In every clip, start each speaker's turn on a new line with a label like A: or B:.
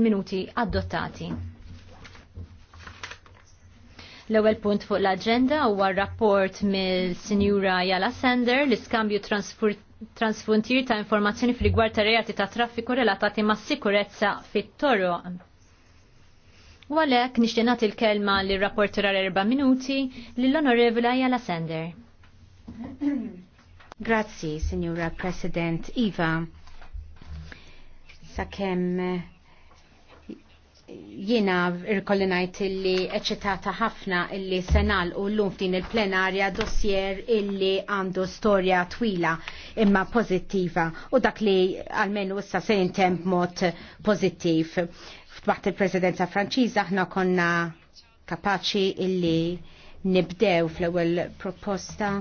A: minuti adottati. L-ewwel punt fuq l agenda huwa rapport mill-Sinjura Jala Sender l-iskambju transfuntir ta' informazzjoni fil gwarta reati ta' traffiku relatati ma' sikurezza fit-toro. U għalhekk nixtieq nagħti l-kelma lir rapporter għal erba' minuti lill onorevla Jala Sender.
B: Grazzi, Sinjura President Iva. Sakemm Jiena irkolli ngħid illi eċitata ħafna illi senal u llum f'din il-plenarja dossier illi għandu storja twila imma pożittiva u dak li għalmenu issa se jintem b'mod pożittiv. F'waqt il-Presidenza Franċiża aħna konna kapaċi illi nibdew fl-ewwel proposta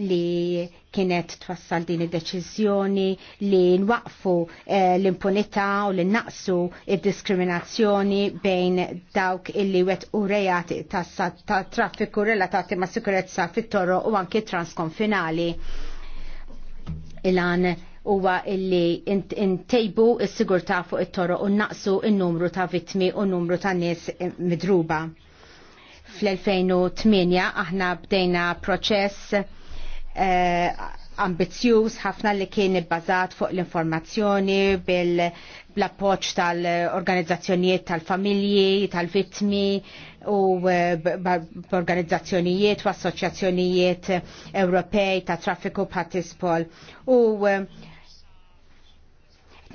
B: li kienet twassal din id-deċiżjoni li nwaqfu eh, l-impunità u li naqsu id-diskriminazzjoni bejn dawk illi wet u rejat ta', traffiku relatati ma' sikurezza fit-toro u anki transkonfinali. Ilan huwa illi intejbu in s-sigurtà fuq it-toro u naqsu n-numru ta' vittmi u n-numru ta' nies eh, midruba. Fl-2008 aħna bdejna proċess Eh, ambizjuż ħafna li kien ibbażat fuq l-informazzjoni bil appoġġ tal-organizzazzjonijiet tal-familji, tal-vittmi u eh, b'organizzazzjonijiet u assoċjazzjonijiet Ewropej ta' traffiku bħat U eh,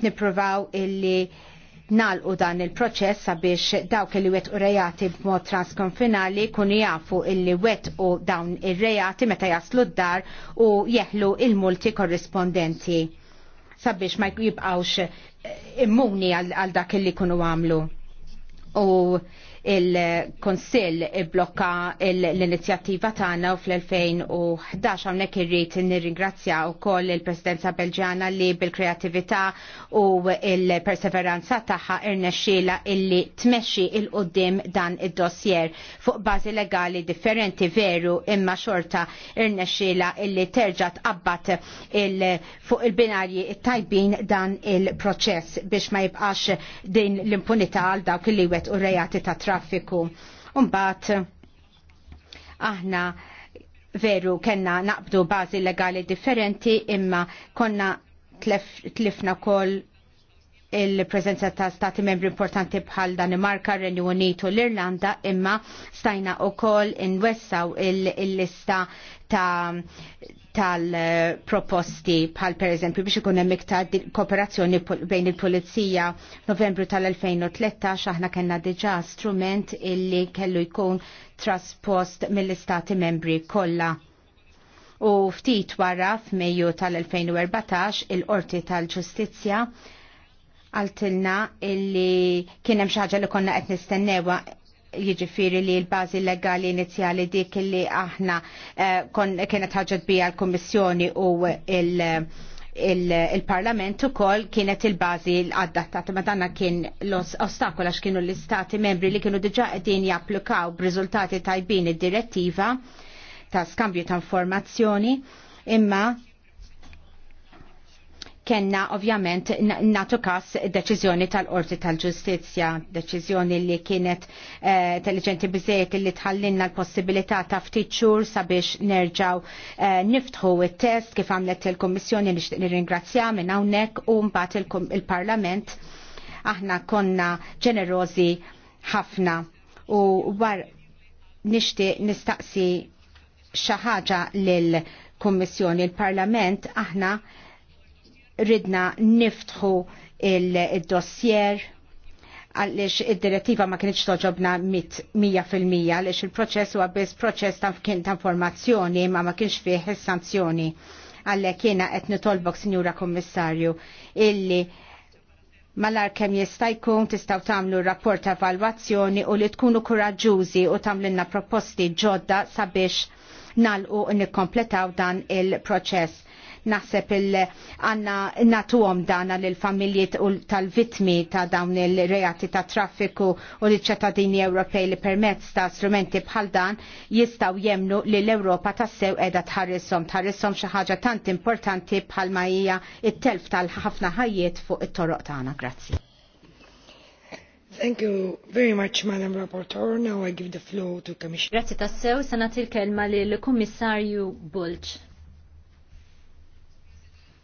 B: nippruvaw illi nalqu dan il-proċess sabiex dawk li wet u rejati b'mod transkonfinali kun jafu illi wet u dawn ir-rejati meta jaslu d-dar u jeħlu il-multi korrispondenti sabiex ma jibqawx immuni għal dak li kunu għamlu. U il konsil blokka l-inizjattiva tagħna u fl-2011 hawnhekk irrid nirringrazzja wkoll il-Presidenza Belġjana li bil-kreatività u il-perseveranza tagħha irnexxiela illi tmexxi il qudiem dan id-dossier fuq bażi legali differenti veru imma xorta irnexxiela illi terġa' tqabbad il fuq il-binarji tajbin dan il-proċess biex ma jibqax din l-impunità għal dawk li wet u rejati ta' traffiku. Umbat, aħna veru kena naqbdu bazi legali differenti imma konna tlifna kol il-prezenza ta' stati membri importanti bħal Danimarka, Renju Unitu, l-Irlanda, imma stajna u kol in-wessaw il-lista ta' tal-proposti bħal per eżempju biex ikun hemm iktar kooperazzjoni bejn il-Pulizija Novembru tal-2013 aħna kellna diġà strument illi kellu jkun traspost mill-istati membri kollha. U ftit wara f'Mejju tal-2014 il-Qorti tal-Ġustizzja għaltilna illi kien hemm xi ħaġa li konna qed nistennewa jiġifiri li l-bazi legali inizjali dik li aħna eh, kienet ħagġet bija l-Kommissjoni u il-Parlament u kol kienet il-bazi l addattat ma danna kien l-ostakola x'kienu l-istati membri li kienu diġa qegħdin japplikaw b'riżultati tajbin id-direttiva ta' skambju ta' informazzjoni imma kena ovvjament natu kas deċizjoni tal-Qorti tal-Ġustizja, deċizjoni li kienet eh, intelligenti bizzejt li tħallinna l-possibilità ta' ftit xhur sabiex nerġaw eh, niftħu it-test kif għamlet il-Kommissjoni nirringrazzja minn hawnhekk u mbagħad il-Parlament aħna konna ġenerożi ħafna u war nixtieq nistaqsi xi ħaġa lill-Kummissjoni, il-Parlament aħna ridna niftħu il-dossier għalix id-direttiva ma kienieċ toġobna 100% għalix il-proċess huwa biss proċess ta' kien ta' informazzjoni ma ma kienx fih is-sanzjoni. Għallek kiena qed nitolbok, Sinjura Kommissarju, illi malar kem jista' jkun tistgħu tagħmlu rapport ta' evalwazzjoni u li tkunu kuraġuzi u tamlinna proposti ġodda sabiex nalqu nikkompletaw dan il-proċess naħseb il-għanna natuhom dana l-familjiet tal-vitmi ta' dawn il-reati ta' traffiku u l ċetadini Ewropej li permezz ta' strumenti bħal dan jistaw jemnu li l-Ewropa ta' sew edha tħarrisom tħarrisom xi ħaġa tant importanti bħal ma hija it-telf tal-ħafna ħajjiet fuq it-toroq tagħna. Grazzi.
A: Thank you very much, Madam Rapporteur. Now I give the floor to Commissioner. Grazie tassew, sanat il-kelma li l-Kommissarju Bulċ.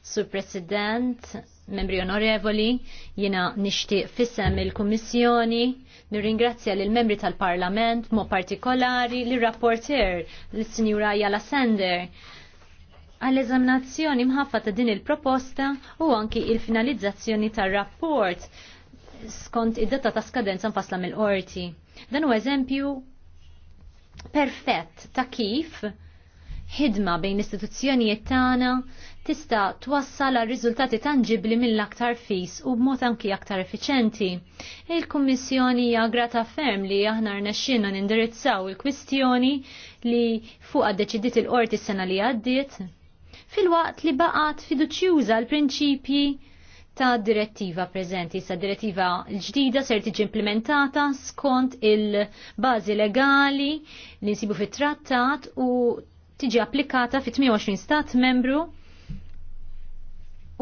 A: Sur President, membri onorevoli, jina nishtiq fissem il-Kommissjoni, nirringrazzja lil membri tal-Parlament, mo partikolari l rapporter l-Sinjura Jala Sender, għall-eżaminazzjoni mħaffa ta' din il-proposta u anki il-finalizzazzjoni tal-rapport skont id-data ta' skadenza mfasla mill-qorti. Dan u eżempju perfett ta' kif ħidma bejn istituzzjonijiet tagħna tista' twassal riżultati tangibli mill-aktar fis u b'mod anki aktar effiċenti. Il-Kummissjoni hija grata ferm li aħna rnexxinna nindirizzaw il-kwistjoni li fuq deċidiet il-qorti s-sena li għaddiet fil-waqt li baqgħet fiduċjuża l-prinċipji ta' direttiva preżenti sa' direttiva l-ġdida ser tiġi implementata skont il-bazi legali li nsibu fit-trattat u tiġi applikata fit-28 stat membru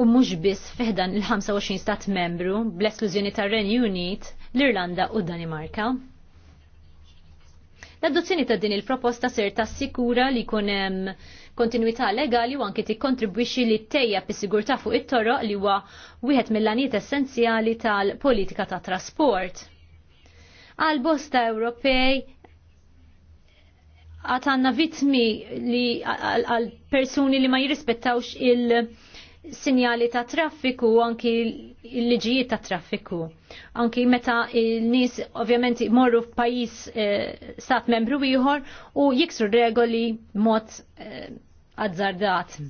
A: u mhux biss fiħdan il-25 stat membru bl-esklużjoni tar-Renju Unit, l-Irlanda u Danimarka. L-adozzjoni ta' din il-proposta ser sikura li jkun hemm kontinuità legali u anke tikkontribwixxi li ttejja bis-sigurtà fuq it-toroq li huwa wieħed mill-għanijiet essenzjali tal-politika ta' trasport. Għal bosta Ewropej għatanna vitmi li għal persuni li ma jirrispettawx il- sinjali ta' traffiku u anki l-liġijiet ta' traffiku. Anki meta il-nis ovvjament morru f'pajis eh, stat membru ieħor u jiksru regoli mod eh, azzardat.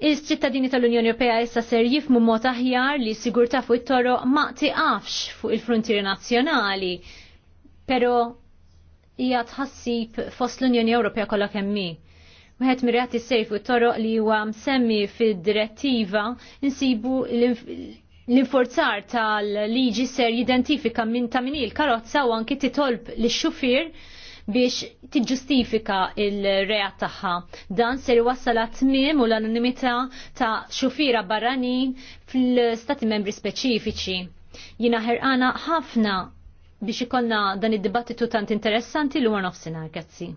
A: Iż-ċittadini tal-Unjoni Ewropea issa ser jifmu mod aħjar li sigurtà fuq it-toro ma tiqafx fuq il-frontieri nazzjonali, pero hija tħassib fost l-Unjoni Ewropea kollha kemm Wieħed mirjati sejf u toroq li huwa msemmi fid-direttiva insibu l-inforzar tal-liġi ser jidentifika minn ta' l karozza u anki titolb li xufir biex tiġġustifika il-reat tagħha. Dan ser iwassal tmiem u l-anonimità ta' xufira barranin fl-stati membri speċifiċi. Jina ħerqana ħafna biex ikonna dan id-dibattitu tant interessanti l-għan nofsinhar, grazzi.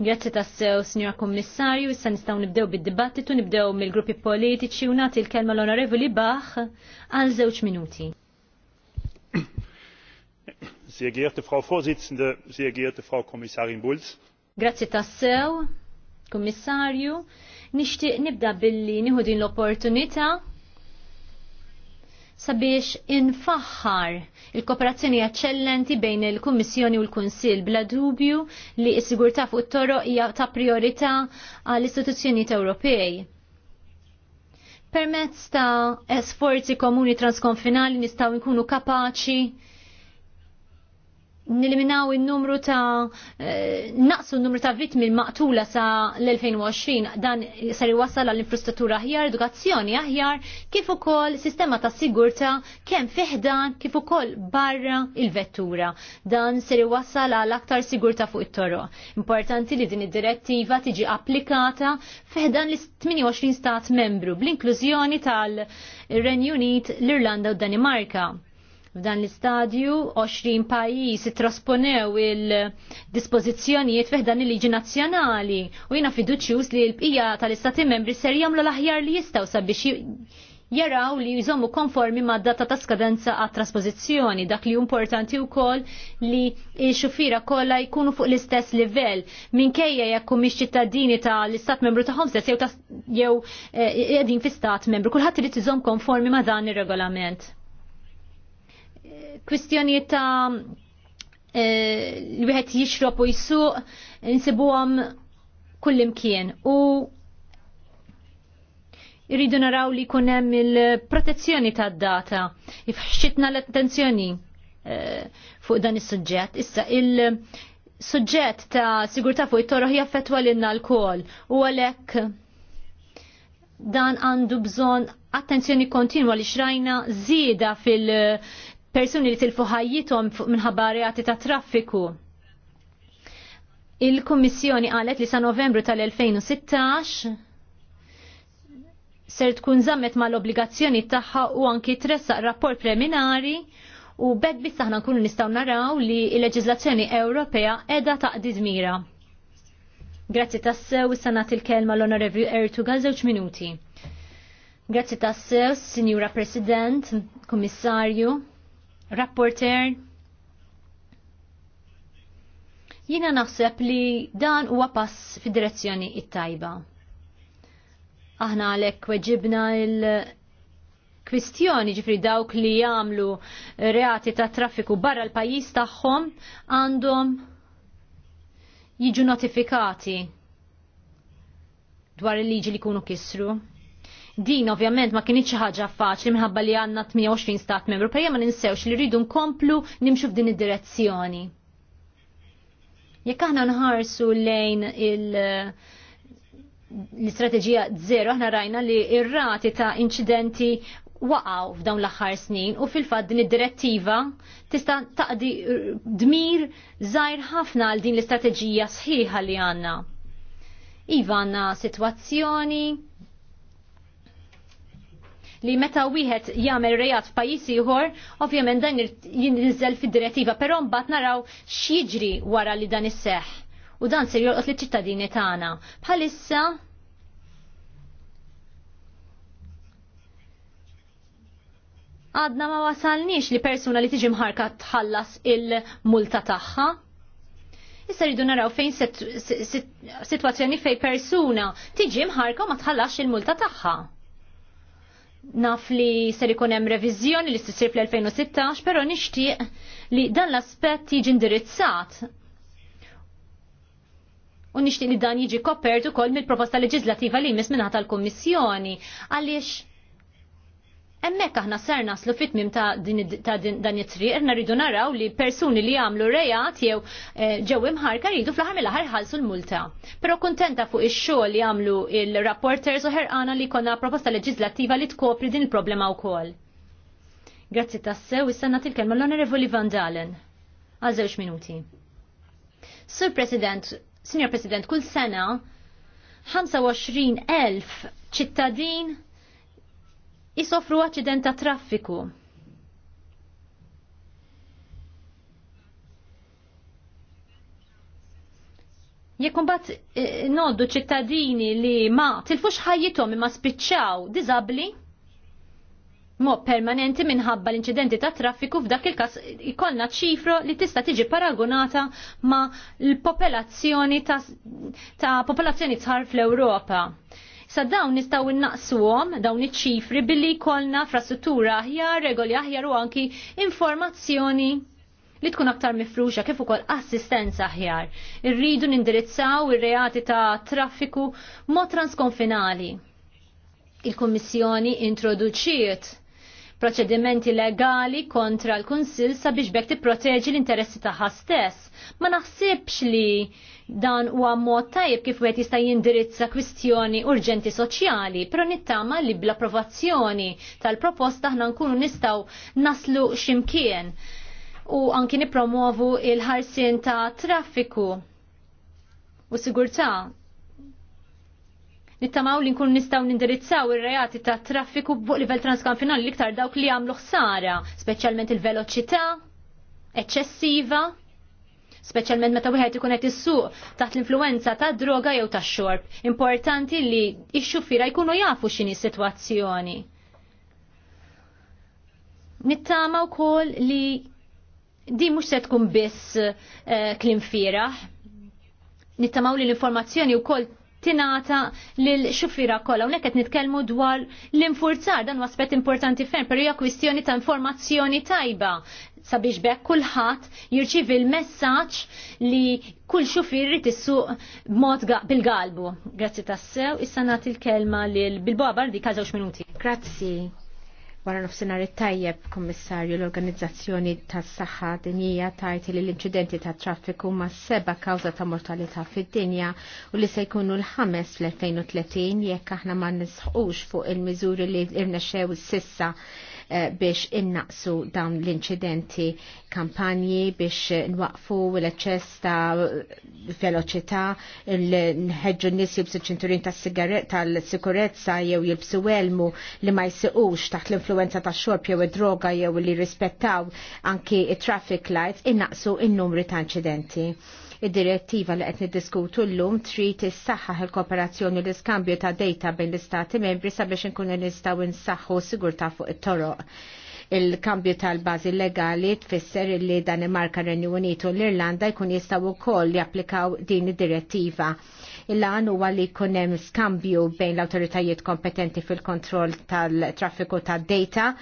A: Grazzi tassew, Signora Kommissarju, issa nistgħu nibdew bid-dibattitu, nibdew mill-gruppi politiċi u nagħti l-kelma l-Onorevoli Bach għal żewġ minuti.
C: Sehr geehrte Frau Vorsitzende, sehr geehrte Frau Kommissarin Bulz.
A: Grazzi tassew, Kommissarju. Nixtieq nibda billi nieħu din l-opportunità sabiex infaħħar il-kooperazzjoni eccellenti bejn il-Kummissjoni u l-Kunsil bla dubju li s-sigurtà fuq it-toro hija ta' priorità għall istituzzjonijiet Ewropej. Permezz ta' esforzi komuni transkonfinali nistgħu nkunu kapaċi niliminaw il-numru ta' eh, naqsu il-numru ta' vittmi maqtula sa' l-2020 dan ser iwassal għall infrastruttura aħjar, edukazzjoni aħjar, kif ukoll sistema ta' sigurta kemm fiħdan kif ukoll barra il-vettura. Dan ser iwassal għal aktar sigurta fuq it-toro. Importanti li din id-direttiva tiġi applikata fiħdan l-28 stat membru bl-inklużjoni tal-Renju Unit, l-Irlanda u Danimarka F'dan l-istadju 20 pajjiż trasponew il-dispożizzjonijiet fih dan il-liġi nazzjonali u jiena fiduċjuż li l-bqija tal-istati membri ser jagħmlu l-aħjar li jistgħu sabiex jaraw li jżommu konformi ma' data ta' skadenza għat trasposizzjoni dak li importanti u kol li xufira kolla jkunu fuq l-istess livell minkejja jekku miex ċittadini ta' l-istat membru ta' stess jew jew jedin eh, fi stat membru kulħadd irid iżomm konformi ma' dan ir-regolament kwistjoni ta' eh, li wieħed jixrob u jisuq insibuhom kullimkien u irridu naraw li jkun hemm il-protezzjoni tad data. jifxitna l-attenzjoni eh, fuq dan is-suġġett. Issa il-suġġett ta' sigurtà fuq it-toroħ jaffettwa lilna l-kol u għalhekk dan għandu bżonn attenzjoni kontinwa li xrajna żieda fil- persuni li tilfu ħajjithom minħabba reati ta' traffiku. Il-Kummissjoni qalet li sa' Novembru tal-2016 ser tkun zammet mal-obbligazzjoni tagħha u anki tressa rapport preliminari u bed biss aħna nkunu nistgħu naraw li l-leġiżlazzjoni Ewropea qiegħda taqdi dmira. Grazzi tassew issa nagħti il-kelma l-Onorevju Ertuga żewġ minuti. Grazzi tassew, Signora President, Kummissarju, Rapporter, jina naħseb li dan huwa pass fi direzzjoni it-tajba. Aħna għalek weġibna il- kwistjoni ġifri dawk li jamlu reati ta' traffiku barra l-pajis tagħhom għandhom jiġu notifikati dwar il-liġi li kunu kisru. Din ovvjament ma kienitx ħaġa faċli minħabba li għandna 28 stat membru, perja ma ninsewx li rridu nkomplu nimxu f'din id-direzzjoni. Jekk aħna nħarsu lejn il- l-istrateġija zero aħna rajna li ir-rati ta' incidenti waqaw f'dawn l-aħħar snin u fil-fatt din id-direttiva tista' taqdi dmir żgħir ħafna għal din l-istrateġija sħiħa li għandna. Iva għandna sitwazzjoni li meta wieħed jagħmel rejat f'pajjiż ieħor, ovvjament dan jinżel fid-direttiva, però mbagħad naraw x'jiġri wara li dan isseħħ. U dan ser jolqot liċ ċittadini tagħna. Bħalissa għadna ma wasalniex li persuna li tiġi mħarka tħallas il-multa tagħha. Issa rridu naraw fejn situazzjoni fej persuna tiġi mħarka ma tħallax il-multa tagħha. Naf li ser ikun hemm reviżjoni li ssir fl-2016, però nixtieq li dan l-aspett jiġi indirizzat u nixtieq li dan jiġi kopert ukoll mill-proposta leġislativa li jmiss minħata tal-Kummissjoni. Għaliex Emmek aħna ser naslu ta' din, ta' dan it-triq, irna rridu naraw li persuni li għamlu rejat jew eh, ġew imħarka rridu fl-ħar mill-ħar ħalsu l-multa. Pero kontenta fuq ix-xogħol li għamlu il-rapporters u ħerqana li konna proposta leġislattiva li tkopri din il-problema wkoll. Grazzi tassew, issa nagħti l-kelma l-Onorevoli Van Dalen. Għal żewġ minuti. Sur President, Signor President, kull sena 25,000 ċittadin jisofru aċċident ta' traffiku. Jekk imbagħad eh, noddu ċittadini li ma tilfux ħajjithom imma spiċċaw diżabbli, mod permanenti minħabba l-inċidenti ta' traffiku f'dak il-kas ikollna ċifro li tista' tiġi paragonata ma' l-popolazzjoni ta', ta popolazzjoni tħar fl-Ewropa. Sa dawn nistaw innaqsuhom dawn iċ-ċifri billi kolna frastruttura aħjar, regoli aħjar u anki informazzjoni li tkun aktar mifruxa kif ukoll assistenza aħjar. Irridu nindirizzaw ir-reati ta' traffiku mod transkonfinali. Il-Kummissjoni introduċiet proċedimenti legali kontra l-Kunsil sabiex bek tipproteġi l-interessi tagħha stess. Ma naħsibx li dan huwa mod tajjeb kif wieħed jista' jindirizza kwistjoni urġenti soċjali, però nittama li bl-approvazzjoni tal-proposta aħna nkunu nistgħu naslu x'imkien u anki nipromovu il-ħarsin ta' traffiku u sigurtà nittamaw li nkun nistaw nindirizzaw ir-reati ta' traffiku fuq livell transkonfinali liktar dawk li għamlu ħsara, speċjalment il-veloċità eċċessiva, speċjalment meta wieħed ikun qed issuq taħt l-influenza ta' droga jew ta' xorb. Importanti li x-xufiera jkunu jafu x'inhi s-sitwazzjoni. Nittama wkoll li di mhux se tkun biss eh, klim firaħ, nittamaw li l-informazzjoni u tinata lil xufira kollha. Unek qed nitkellmu dwar l-infurzar dan aspett importanti ferm, però hija kwistjoni ta' informazzjoni tajba sabiex bekk kulħadd jirċivi l-messaġġ li kull xufir rid issuq b'mod bil-galbu. Grazzi tassew, issa nagħti l-kelma lil Bilboa Bardi każewx minuti. Grazzi. Wara nofsinhar it-tajjeb, Kommissarju, l-Organizzazzjoni
B: tas-Saħħa Dinjija tajti li l-inċidenti ta' traffiku ma' seba' kawża ta' mortalità fid-dinja u li se jkunu l-ħames fl-2030 jekk aħna ma nisħqux fuq il-miżuri li irnexxew sissa Eh, biex innaqsu dawn l-inċidenti kampanji biex nwaqfu l-eċess ta' veloċità, nħedġu n-nis jibsu ċinturin tal-sikurezza jew jibsu elmu li ma jisiqux taħt l-influenza ta' xorb jew id-droga jew li rispettaw anki traffic lights innaqsu il numri ta' inċidenti Id-direttiva li qed niddiskutu llum trid issaħħaħ il-kooperazzjoni l-iskambju ta' data bejn l-istati membri sabiex inkunu nistgħu nsaħħu sigurtà fuq it-toroq il-kambju tal bażi legali tfisser li Danimarka, Renju Unitu l-Irlanda jkun wkoll li japplikaw din id-direttiva. Il-għan huwa li jkun hemm skambju bejn l-awtoritajiet kompetenti fil-kontroll tal-traffiku tad-data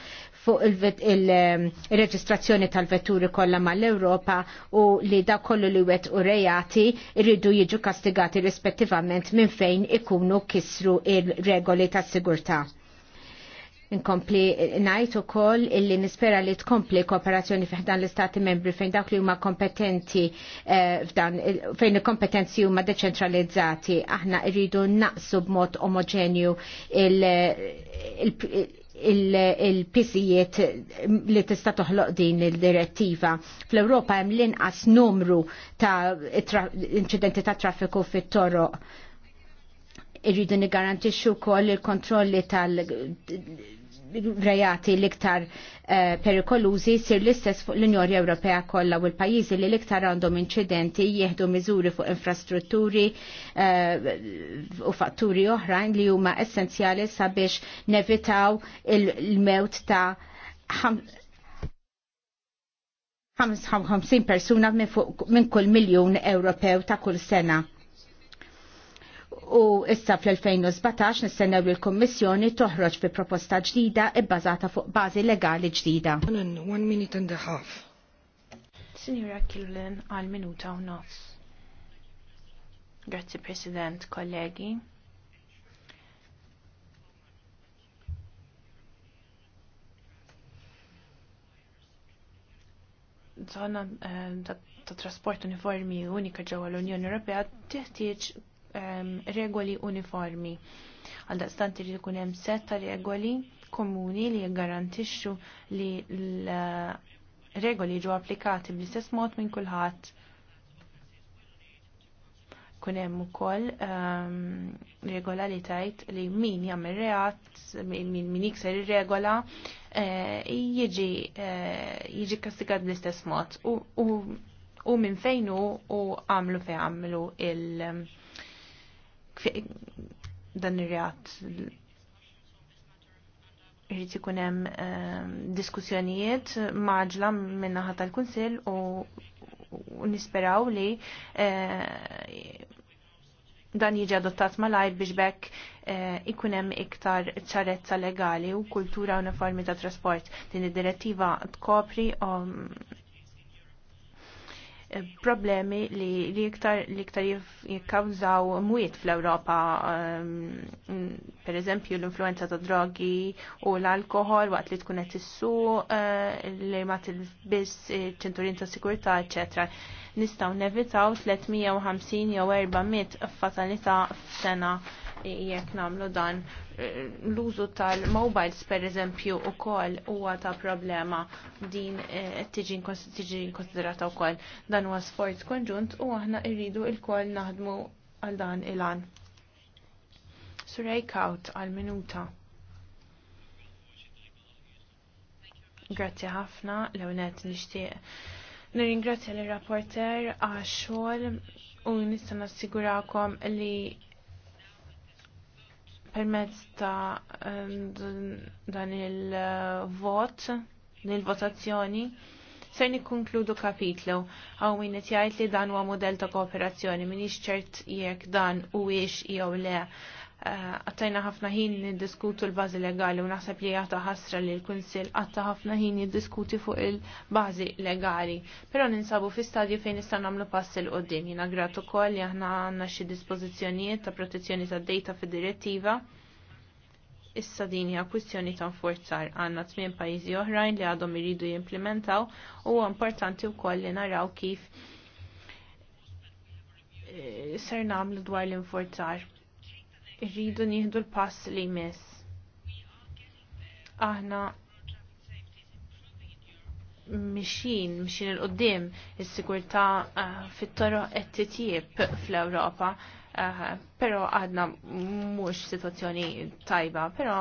B: fuq ehm, il-reġistrazzjoni tal-vetturi kollha mal-Ewropa u li da kollu li wet u rejati irridu jiġu kastigati rispettivament minn fejn ikunu kisru il-regoli tas sigurtà Inkompli najt ukoll illi nispera li tkompli kooperazzjoni fiħdan l-Istati membri fejn dak li huma kompetenti eh, f'dan fejn il-kompetenzi huma deċentralizzati. Aħna irridu naqsu b'mod omogenju il il-pisijiet li tista' toħloq din il-direttiva. Fl-Ewropa hemm l-inqas numru ta' inċidenti ta' traffiku fit-toroq. Irridu nigarantixxu wkoll il-kontrolli tal- rejati l-iktar eh, perikolużi sir l-istess fuq l-Unjoni Ewropea kollha u l-pajjiżi li l-iktar għandhom inċidenti jieħdu miżuri fuq infrastrutturi eh, u fatturi oħrajn li huma essenzjali sabiex nevitaw il-mewt ta' 55 persuna minn kull miljun Ewropew ta' kull sena u issa fl-2017 nistennew li l-Kommissjoni toħroġ fi proposta ġdida ibbażata fuq bażi legali ġdida. One minute and a half.
C: Signora Killen għal minuta u nofs. Grazzi President, kollegi. Zona eh, ta' trasport uniformi unika ġewwa l-Unjoni Ewropea teħtieġ regoli uniformi. Għaldaqstant irid ikun hemm set ta' regoli komuni li jgarantixxu li l-regoli ġu applikati bl-istess mod minn kulħadd kun hemm ukoll um, regola li tajt li min jagħmel reat, min, min jikser ir-regola uh, jiġi uh, jiġi kastigat bl-istess mod u, u, u minn fejn hu u għamlu fejn għamlu il- dan ir-reat irrid ikun hemm ehm, diskussjonijiet maġla minn naħa tal-Kunsill u nisperaw li ehm, dan jiġi adottat malajr biex bekk eh, ikun hemm iktar ċarezza legali u kultura uniformi ta' trasport. Din id-direttiva tkopri ehm, problemi li li iktar li iktar jikkawżaw mwiet fl-Ewropa um, per eżempju l-influenza ta' drogi u l-alkohol waqt li tkun qed issu uh, li ma tilbis ċenturin ta' sikurtà eċetera. Nistgħu nevitaw 350 jew 400 fatalità f'sena jek namlu dan eh, l-użu tal-mobiles per eżempju u kol huwa ta' problema din eh, tiġi konsiderata u kol dan huwa sforz konġunt u aħna irridu il-kol naħdmu għal dan il-an. Surrejk kaut għal-minuta. Grazzi ħafna, l-ewnet nishtiq. Nirringrazzja l-rapporter għax xogħol u nista' nassigurakom li permezz ta' ehm, dan il-vot, il-votazzjoni, ser nikkonkludu kapitlu għaw min jgħid li dan huwa modell ta' kooperazzjoni min ċert jekk dan huwiex jew le. Eh, għattajna ħafna ħin niddiskutu l-bazi legali u naħseb li għata ħasra li l-Kunsil għatta ħafna ħin niddiskuti fuq il-bazi legali. Pero ninsabu fi stadju fejn nista' nagħmlu pass il qoddim Jina gratu ukoll li aħna għandna xi dispożizzjonijiet ta' protezzjoni ta' data fid-direttiva. Issa din hija kwistjoni ta' nfurzar għandna tmien pajjiżi oħrajn li għadhom iridu jimplementaw u importanti wkoll li naraw kif eh, ser nagħmlu dwar l-infurzar irridu nieħdu l-pass li jmiss. Aħna mixin, mixin il-qoddim, il-sigurta eh, fit-toro titjib fl-Europa, eh, pero għadna mux situazzjoni tajba, pero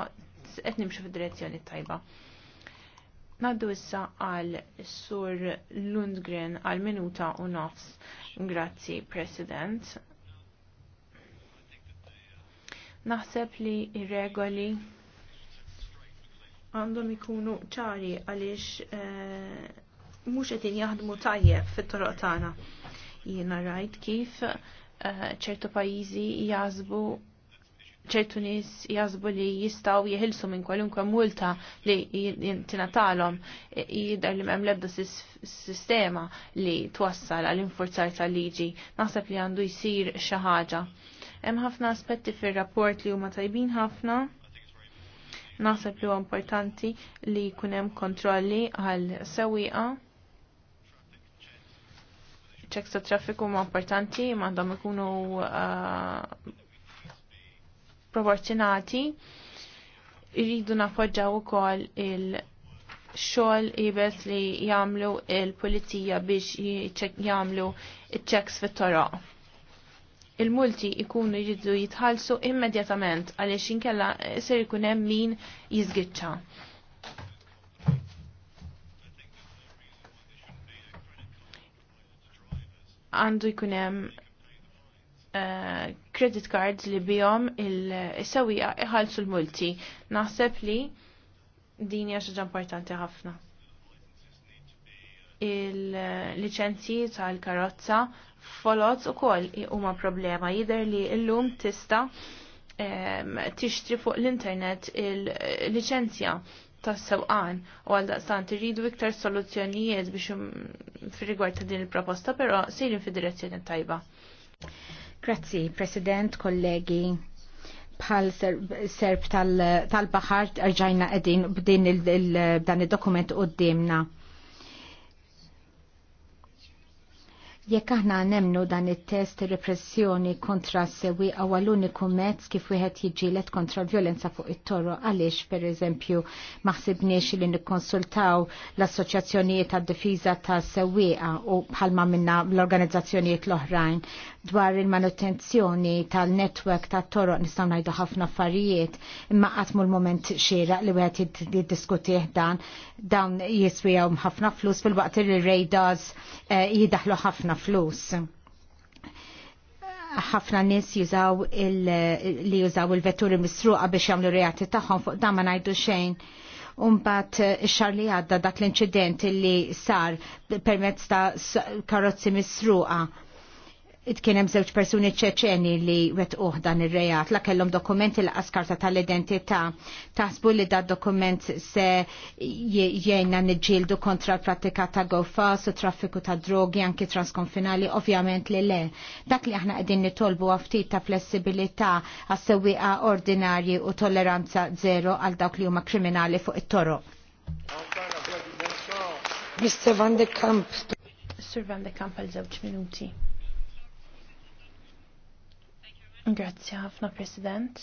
C: qed nimxu fid-direzzjoni tajba. Naddu issa għal sur Lundgren għal minuta u nofs. Grazzi, President Naħseb li ir-regoli għandhom ikunu ċari għaliex eh, mhux qed jaħdmu tajjeb fit-toroq tagħna. Jiena rajt kif eh, ċertu pajjiżi jażbu ċertu nies jażbu li jistgħu jeħilsu minn kwalunkwe multa li tingħatalhom jidher li m'hemm l-ebda sistema li twassal għall infurzar tal-liġi. Naħseb li għandu jsir xi ħaġa. Hemm ħafna aspetti fir-rapport li huma tajbin ħafna. Naħseb li huwa importanti li jkun hemm kontrolli għal sewwieqa. Checks ta' traffiku huma importanti m'għandhom ikunu uh, proporzjonati. Irridu nappoġġaw ukoll il- xogħol ibes li jagħmlu il-pulizija biex jagħmlu iċ-checks fit-toroq il-multi ikunu jiddu jitħalsu immedjatament għaliex inkella ser ikun hemm min jiżgiċċa. Għandu jkun hemm uh, credit cards li bijom il-sewwieqa iħalsu l-multi. Naħseb li din hija xi ħaġa importanti ħafna il-licenzji tal-karozza folot u koll huma problema jider li l-lum tista tixtri fuq l-internet il-licenzja tas sewqan u għal daqstan irridu iktar soluzzjonijiet biex um, fil-rigward ta' din il-proposta, pero sejrin fil-direzzjoni tajba. Grazzi,
B: President, kollegi bħal serb tal-baħar rġajna għedin b'din il-dan il-dokument u d-dimna. Jekk aħna nemnu dan it-test repressjoni kontra sewi għaw l-uniku mezz kif wieħed jiġilet kontra violenza fuq it-toro għaliex per eżempju maħsibniex li nikkonsultaw l-assoċjazzjonijiet ta' difiża ta' sewwieqa u bħalma minna l-organizzazzjonijiet l-oħrajn dwar il-manutenzjoni tal-netwerk ta' toro nistgħu ngħidu ħafna affarijiet imma qatmu l-moment xieraq li wieħed jiddiskutih dan dawn jiswijaw ħafna flus fil-waqt li radars eh, jidaħlu ħafna ħafna flus ħafna nis jużaw il, li jużaw il-vetturi misruqa biex jagħmlu reati tagħhom fuq dan ma ngħidu xejn. Umbat xar li għadda dak l-inċident li sar permezz ta' karozzi misruqa kien hemm żewġ persuni ċeċeni li wet dan ir-rejat la kellhom dokumenti laqas karta tal-identità. Taħsbu li da dokument se jgħinna niġġieldu kontra l-prattika ta' gofas u traffiku ta' drogi anki transkonfinali, ovvjament li le. Dak li aħna qegħdin nitolbu ftit ta' flessibilità għas-sewwieqa ordinarji u tolleranza zero għal dawk li huma kriminali fuq it-toroq. Mr. Van de
C: Kamp. Sir Van de Kamp għal żewġ minuti. Grazzi ħafna President.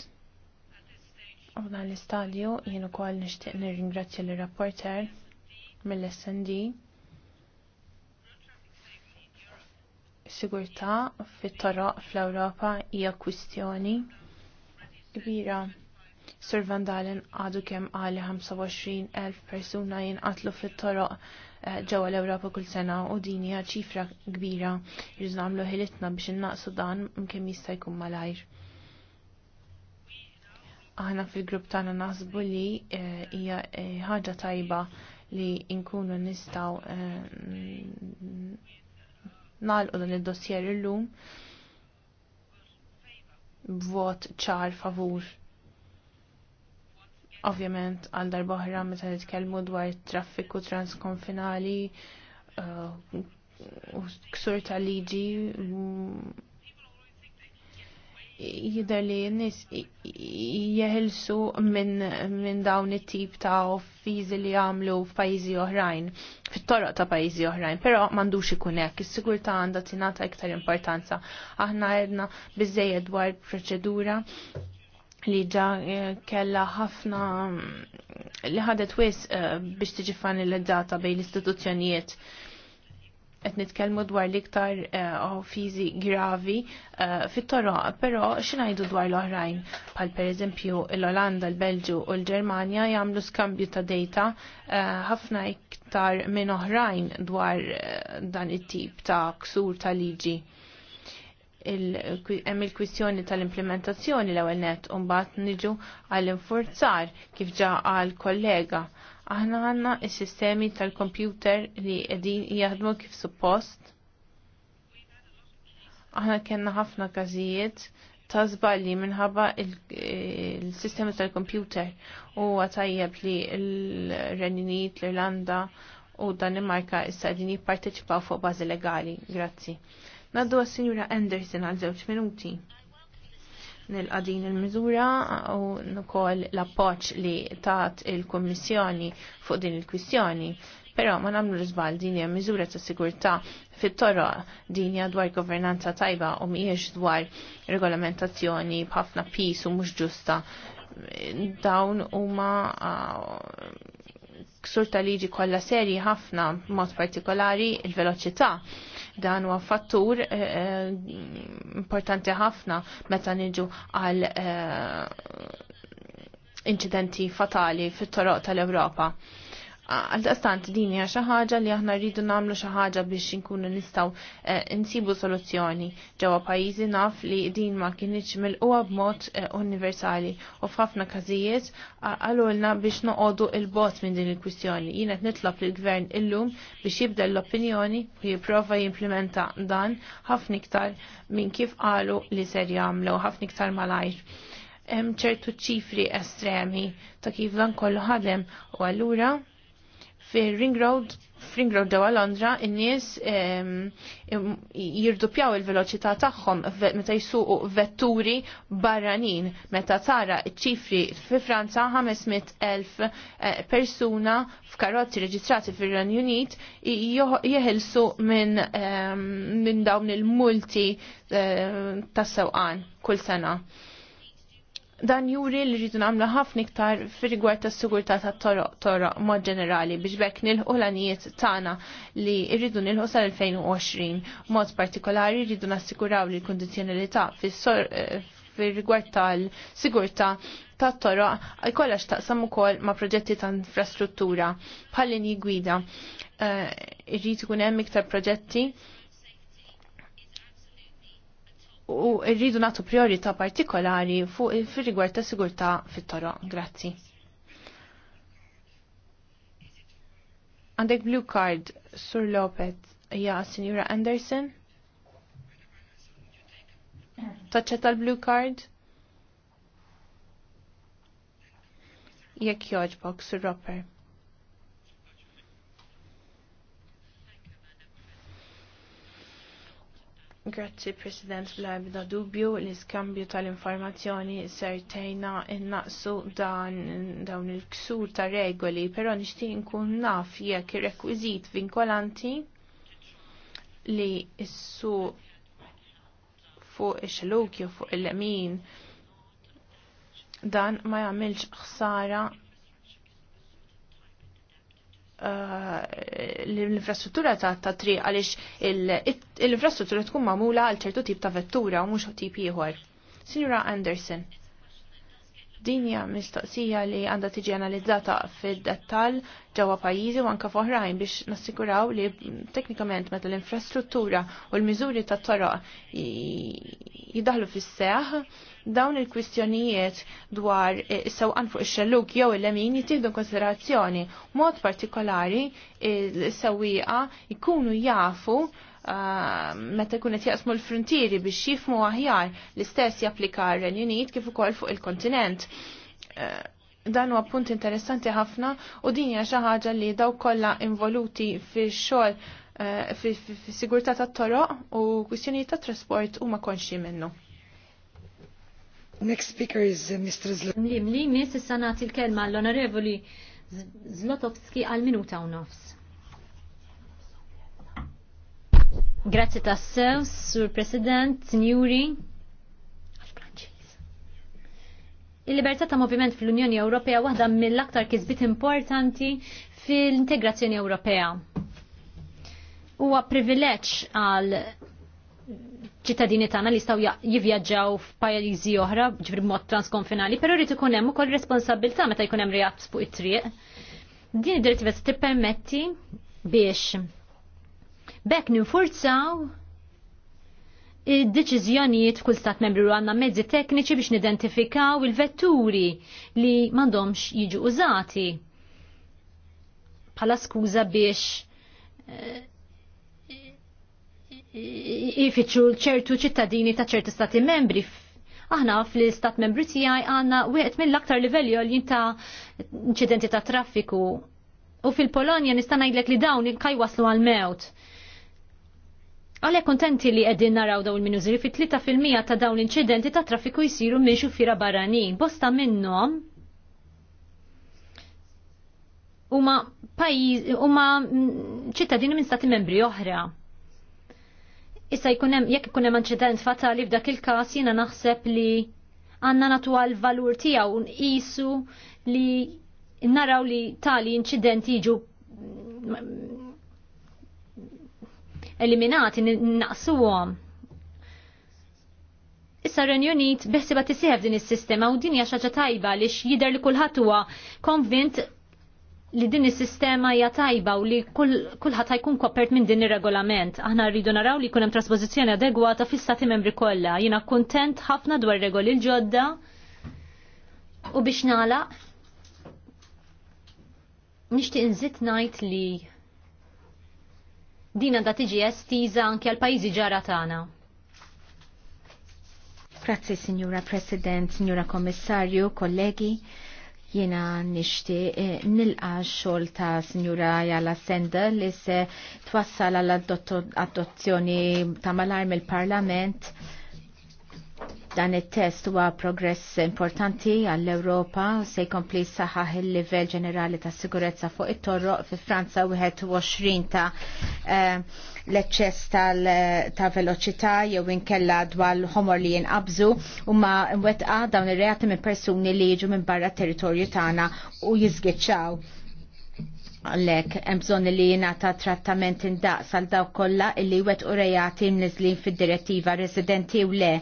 C: U dan l-istadju jien ukoll nixtieq nirringrazzja l rapporter mill-SND. Sigurtà fit-toroq fl-Ewropa hija kwistjoni kbira. Sur Van Dalen għadu kemm għali 25,000 persuna jinqatlu fit-toroq Eh, ġewwa l-Ewropa kull sena u din hija ċifra kbira jridu nagħmlu ħilitna biex innaqsu dan imkien jista' jkun malajr. Aħna fil-grupp tagħna naħsbu li eh, hija eh, ħaġa tajba li nkunu nistgħu nagħlqu dan id-dossier illum b'vot ċar favur Ovvjament għal darboħra meta nitkellmu dwar traffiku transkonfinali uh, u ksur ta' liġi mm, jider li n-nies jeħilsu minn min dawn it-tip ta' offiżi li għamlu f'pajjiżi oħrajn, fit-toroq ta' pajjiżi oħrajn, però m'għandux ikun hekk, is-sigurtà għandha tingħata iktar importanza. Aħna għedna biżejjed dwar proċedura li ġa eh, kella ħafna mm, li ħadet wis eh, biex tiġi fanilizzata bejn l-istituzzjonijiet qed nitkellmu dwar l-iktar eh, fizi gravi fit-toroq, però ngħidu dwar l-oħrajn bħal pereżempju l-Olanda, l-Belġu u l-Ġermanja jagħmlu skambju ta' data ħafna iktar minn oħrajn dwar dan it-tip ta' ksur ta' liġi hemm il-kwistjoni tal-implementazzjoni l-ewwel net u mbagħad niġu għall-infurzar kif ġa għal kollega. Aħna għandna s-sistemi tal-kompjuter li qegħdin jaħdmu kif suppost. Aħna kellna ħafna każijiet ta' żballi minħabba l sistemi tal-kompjuter u għatajjeb li l-Reninijiet, l-Irlanda u Danimarka issa qegħdin jipparteċipaw fuq bażi legali. Grazzi. Naddu għas-Sinjura Anderson għal żewġ minuti. Nilqa' din il-miżura u nkoll l-appoġġ li tat il-Kummissjoni fuq din il-kwistjoni. Però ma nagħmlu żball din hija miżura ta' sigurtà fit torra din hija dwar governanza tajba u mhijiex dwar regolamentazzjoni b'ħafna pis u mhux ġusta dawn huma ksur ta' liġi kollha serji ħafna mod partikolari il-veloċità Dan huwa fattur eh, eh, importanti ħafna meta niġu għal eh, incidenti fatali fit-toroq tal-Ewropa għal tastant din hija xi ħaġa li aħna rridu nagħmlu xi ħaġa biex inkunu nistgħu eh, insibu soluzzjoni ġewwa pajjiżi naf li din ma kienx milquha b'mod eh, universali u f'ħafna każijiet għalulna biex noqogħdu il-bot minn din il-kwistjoni. Jien qed nitlob lill-gvern illum biex jibda l-opinjoni u jipprova jimplementa dan ħafna iktar minn kif qalu li ser jagħmlu ħafna iktar malajr hemm ċertu ċifri estremi ta' kif dan kollu ħadem u allura Fir-Ring Road f'Ring Road dewa Londra, in-nies jirdupjaw il-veloċità tagħhom meta jsuqu vetturi barranin. Meta tara ċifri fi Franza 500,000 eh, persuna f'karozzi reġistrati fir-Renju Unit jeħilsu minn min dawn il-multi eh, tas-sewqan kull sena. Dan juri li rridu nagħmlu ħafna iktar fir-rigward tas-sigurtà tat-toroq mod ġenerali biex bekk nilħu l-anijiet tagħna li rridu nilħu sal-2020 mod partikolari rridu nassiguraw li l-kundizzjonalità eh, fir-rigward tal-sigurtà ta' toroq jkollha x'taqsam ukoll ma' proġetti ta' infrastruttura bħal linji gwida. Eh, kunem hemm iktar proġetti u rridu nagħtu priorità partikolari fuq fir-rigward ta' sigurtà fit-toroq. Grazzi. Għandek blue card, Sur Lopez, ja, Signora Anderson. Taċċetta l-blue card? Jekk joġbok, Sur Roper. Grazzi President ebda dubju l-iskambju tal-informazzjoni sertejna innaqsu dan dawn il-ksur ta' regoli, però nixtieq nkun naf jekk ir-rekwiżit vinkolanti li issu fuq ix-xeluk jew fuq il-lemin dan ma jagħmilx ħsara Eh, l-infrastruttura ta' ta' triq għaliex l-infrastruttura tkun magħmula għal ċertu tip ta' vettura u mhux tip ieħor. Signora Anderson. Din hija mistoqsija li għandha tiġi analizzata fid-dettall ġewwa pajjiżi u anke f'oħrajn biex nassikuraw li teknikament meta l-infrastruttura u l-miżuri ta' toroq jidaħlu fis-seħ dawn il-kwistjonijiet dwar is-sewqan fuq ix-xelluk jew il-lemin jittieħdu konsiderazzjoni. Mod partikolari is-sewwieqa jkunu jafu Ah, meta jkun qed jaqsmu l-frontieri biex jifmu aħjar l-istess japplika r-Renju Unit kif ukoll fuq il-kontinent. Eh, dan huwa punt interessanti ħafna u din hija xi ħaġa li dawk kollha involuti fix-xogħol eh, fis-sigurtà tat-toroq u kwistjonijiet tat-trasport huma konxi minnu.
A: Next speaker is uh, Mr. Zlotowski. Li, li, mis, s-sanat il-kelma l-onorevoli Zlotowski għal-minuta u nofs. Grazzi tassew, Sur President, Signori. Il-libertà ta' moviment fl-Unjoni Ewropea waħda mill-aktar kisbit importanti fil-integrazzjoni Ewropea. Huwa privileġġ għal ċittadini tagħna li jistgħu jivvjaġġaw f'pajjiżi oħra ġifri mod transkonfinali, però rrid ikun hemm ukoll responsabilità meta jkun hemm reatt fuq it-triq. Din id-direttiva tippermetti biex Bekk ninfurzaw id-deċiżjonijiet f'kull stat membri u għandna mezzi tekniċi biex nidentifikaw il-vetturi li m'għandhomx jiġu użati bħala skuża biex jifittxu eh, ċertu ċittadini ta' ċerti stati membri. Aħna fl-istat membri tiegħi għandna wieħed mill-aktar livelli għoljin ta' inċidenti ta' traffiku. U fil-Polonja nista' ngħidlek li dawn kaj waslu għal-mewt. Għalek kontenti li għedin naraw daw il-minużiri fit 3% ta' dawn l-inċidenti ta' traffiku jisiru minn xufira barranin. Bosta minnom huma pajjiż huma ċittadini minn stati membri oħra. Issa jkun hemm jekk ikun hemm inċident fatali f'dak il-każ jiena naħseb li għandna natu għal valur tiegħu nqisu li naraw li tali inċidenti jiġu eliminati, għom. Issa r-Renju Unit beħsiba tisieħeb din is-sistema u din hija xaġa tajba li jidher li kulħadd huwa konvint li din is-sistema hija tajba u li kulħadd jkun kopert minn din ir-regolament. Aħna rridu naraw li jkun hemm trasposizzjoni adegwata fis-stati membri kollha. Jiena kuntent ħafna dwar regoli l-ġodda u biex nagħlaq nixtieq inżid ngħid li din għandha tiġi estiza anke għal pajjiżi ġara tagħna.
B: Grazzi, Signora President, Signora Kommissarju, kollegi. Jiena nishti eh, nilqa xol ta' signora Jala Senda li se twassal għal adozzjoni ta' malar mill-parlament Dan it-test huwa progress importanti għall-Ewropa se jkompli saħaħ il-livell ġenerali ta' sigurezza fuq it-torroq fi Franza 21 ta' eh, l-eċċess ta' veloċità jew inkella dwar homor li jinqabżu huma mwettqa dawn ir-reati minn persuni li jiġu minn barra territorju tagħna u jiżgiċċaw għallek, bżonn li jina ta' trattament indaqs għal daw kolla illi wet u rejati mnizlin fil-direttiva residenti u le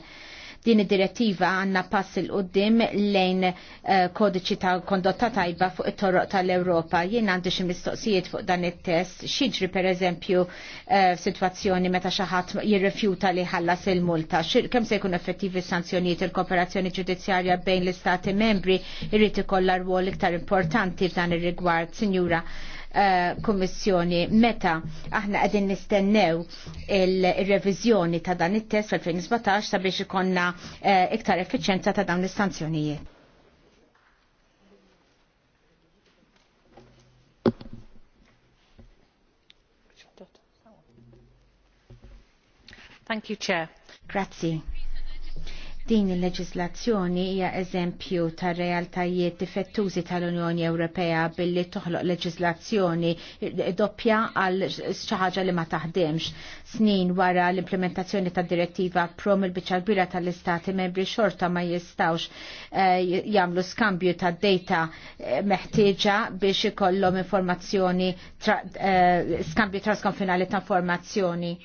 B: Din id-direttiva għanna pass il qoddim lejn eh, kodiċi ta' kondotta tajba fuq it torroq tal-Ewropa. Jien għandi xi mistoqsijiet fuq dan it-test. Xiġri pereżempju eh, f'sitwazzjoni meta xi ħadd jirrifjuta li ħallas il-multa. Kemm se jkun effettivi sanzjonijiet il-kooperazzjoni ġudizzjarja bejn l-istati membri irrid ikollha rwol iktar importanti f'dan ir-rigward, Sinjura Eh, kommissjoni meta aħna qegħdin nistennew il revizjoni ta' dan it-test fil-2017 sabiex ikonna eh, iktar effiċenza ta' dan l-istanzjonijiet. Thank you, Chair. Grazie. Din il-leġislazzjoni hija eżempju ta' realtajiet difettużi tal-Unjoni Ewropea billi toħloq leġislazzjoni doppja għal xaħġa li ma taħdimx. Snin wara l-implementazzjoni ta' direttiva prom il-biċċa kbira tal-istati membri xorta ma jistawx eh, jagħmlu skambju ta' data eh, meħtieġa biex ikollhom informazzjoni eh, skambju transkonfinali ta' informazzjoni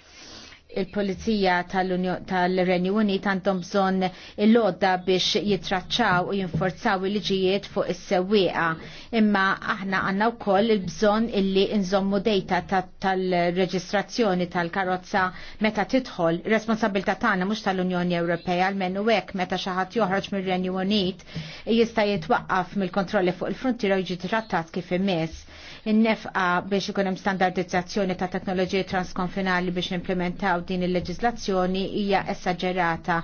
B: il-Polizija tal-Renju Unit għandhom bżonn il-lodda biex jitraċċaw u jinforzaw il ġijiet fuq is-sewwieqa. Imma aħna għandna wkoll il-bżonn illi nżommu dejta tal-reġistrazzjoni tal-karozza meta tidħol. Responsabilta tagħna mhux tal-Unjoni Ewropea għalmenu hekk meta xi ħadd joħroġ mir-Renju Unit jista' jitwaqqaf mill-kontrolli fuq il-frontiera u jiġi trattat kif imiss in-nefqa biex ikun hemm standardizzazzjoni ta' teknoloġiji transkonfinali biex implementaw din il-leġislazzjoni hija essaġerata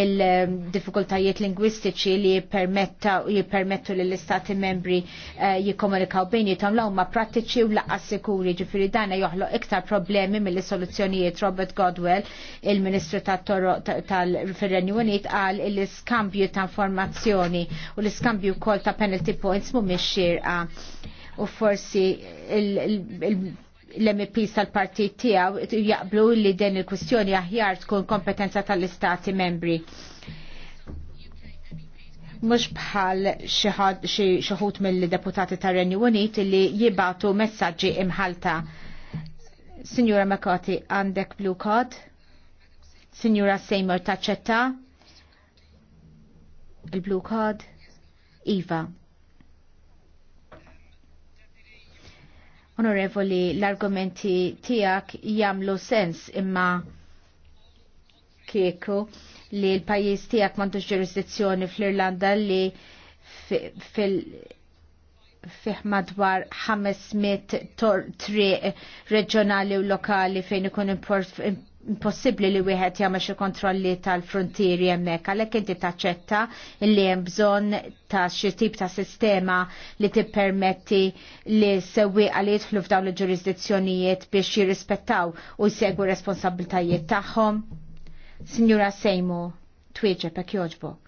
B: il-diffikultajiet lingwistiċi li jippermettu li l-istati membri eh, jikkomunikaw bejnietom l huma prattiċi u laqas sikuri ġifieri dana joħloq iktar problemi mill-soluzzjonijiet Robert Godwell, il-Ministru tal-Renju Unit qal il-iskambju ta' informazzjoni u l-iskambju kol ta' penalty points mhumiex xirqa u forsi l mp tal-partit tijaw jaqblu li den il-kwistjoni aħjar tkun kompetenza tal-istati membri. Mux bħal xieħut mill-deputati tal-Renju Unit li jibatu messaġġi imħalta. Signora Makati, għandek blue card? Signora Seymour taċċetta? Il-blue card? Iva. Onorevoli, l-argumenti tijak jamlu sens imma kieku li l-pajis tijak mandux ġurisdizzjoni fl-Irlanda li fil fih madwar 500 triq reġjonali u lokali fejn ikun import impossibbli li wieħed jagħmel xi kontrolli tal-frontieri hemmhekk għalhekk inti taċċetta li hemm bżonn ta' xi tip ta' sistema li tippermetti li sewwieqa li jidħlu f'dawn il-ġurisdizzjonijiet biex jirrispettaw u jsegwu responsabbiltajiet tagħhom. Sinjura Sejmu, hekk jogħġbok.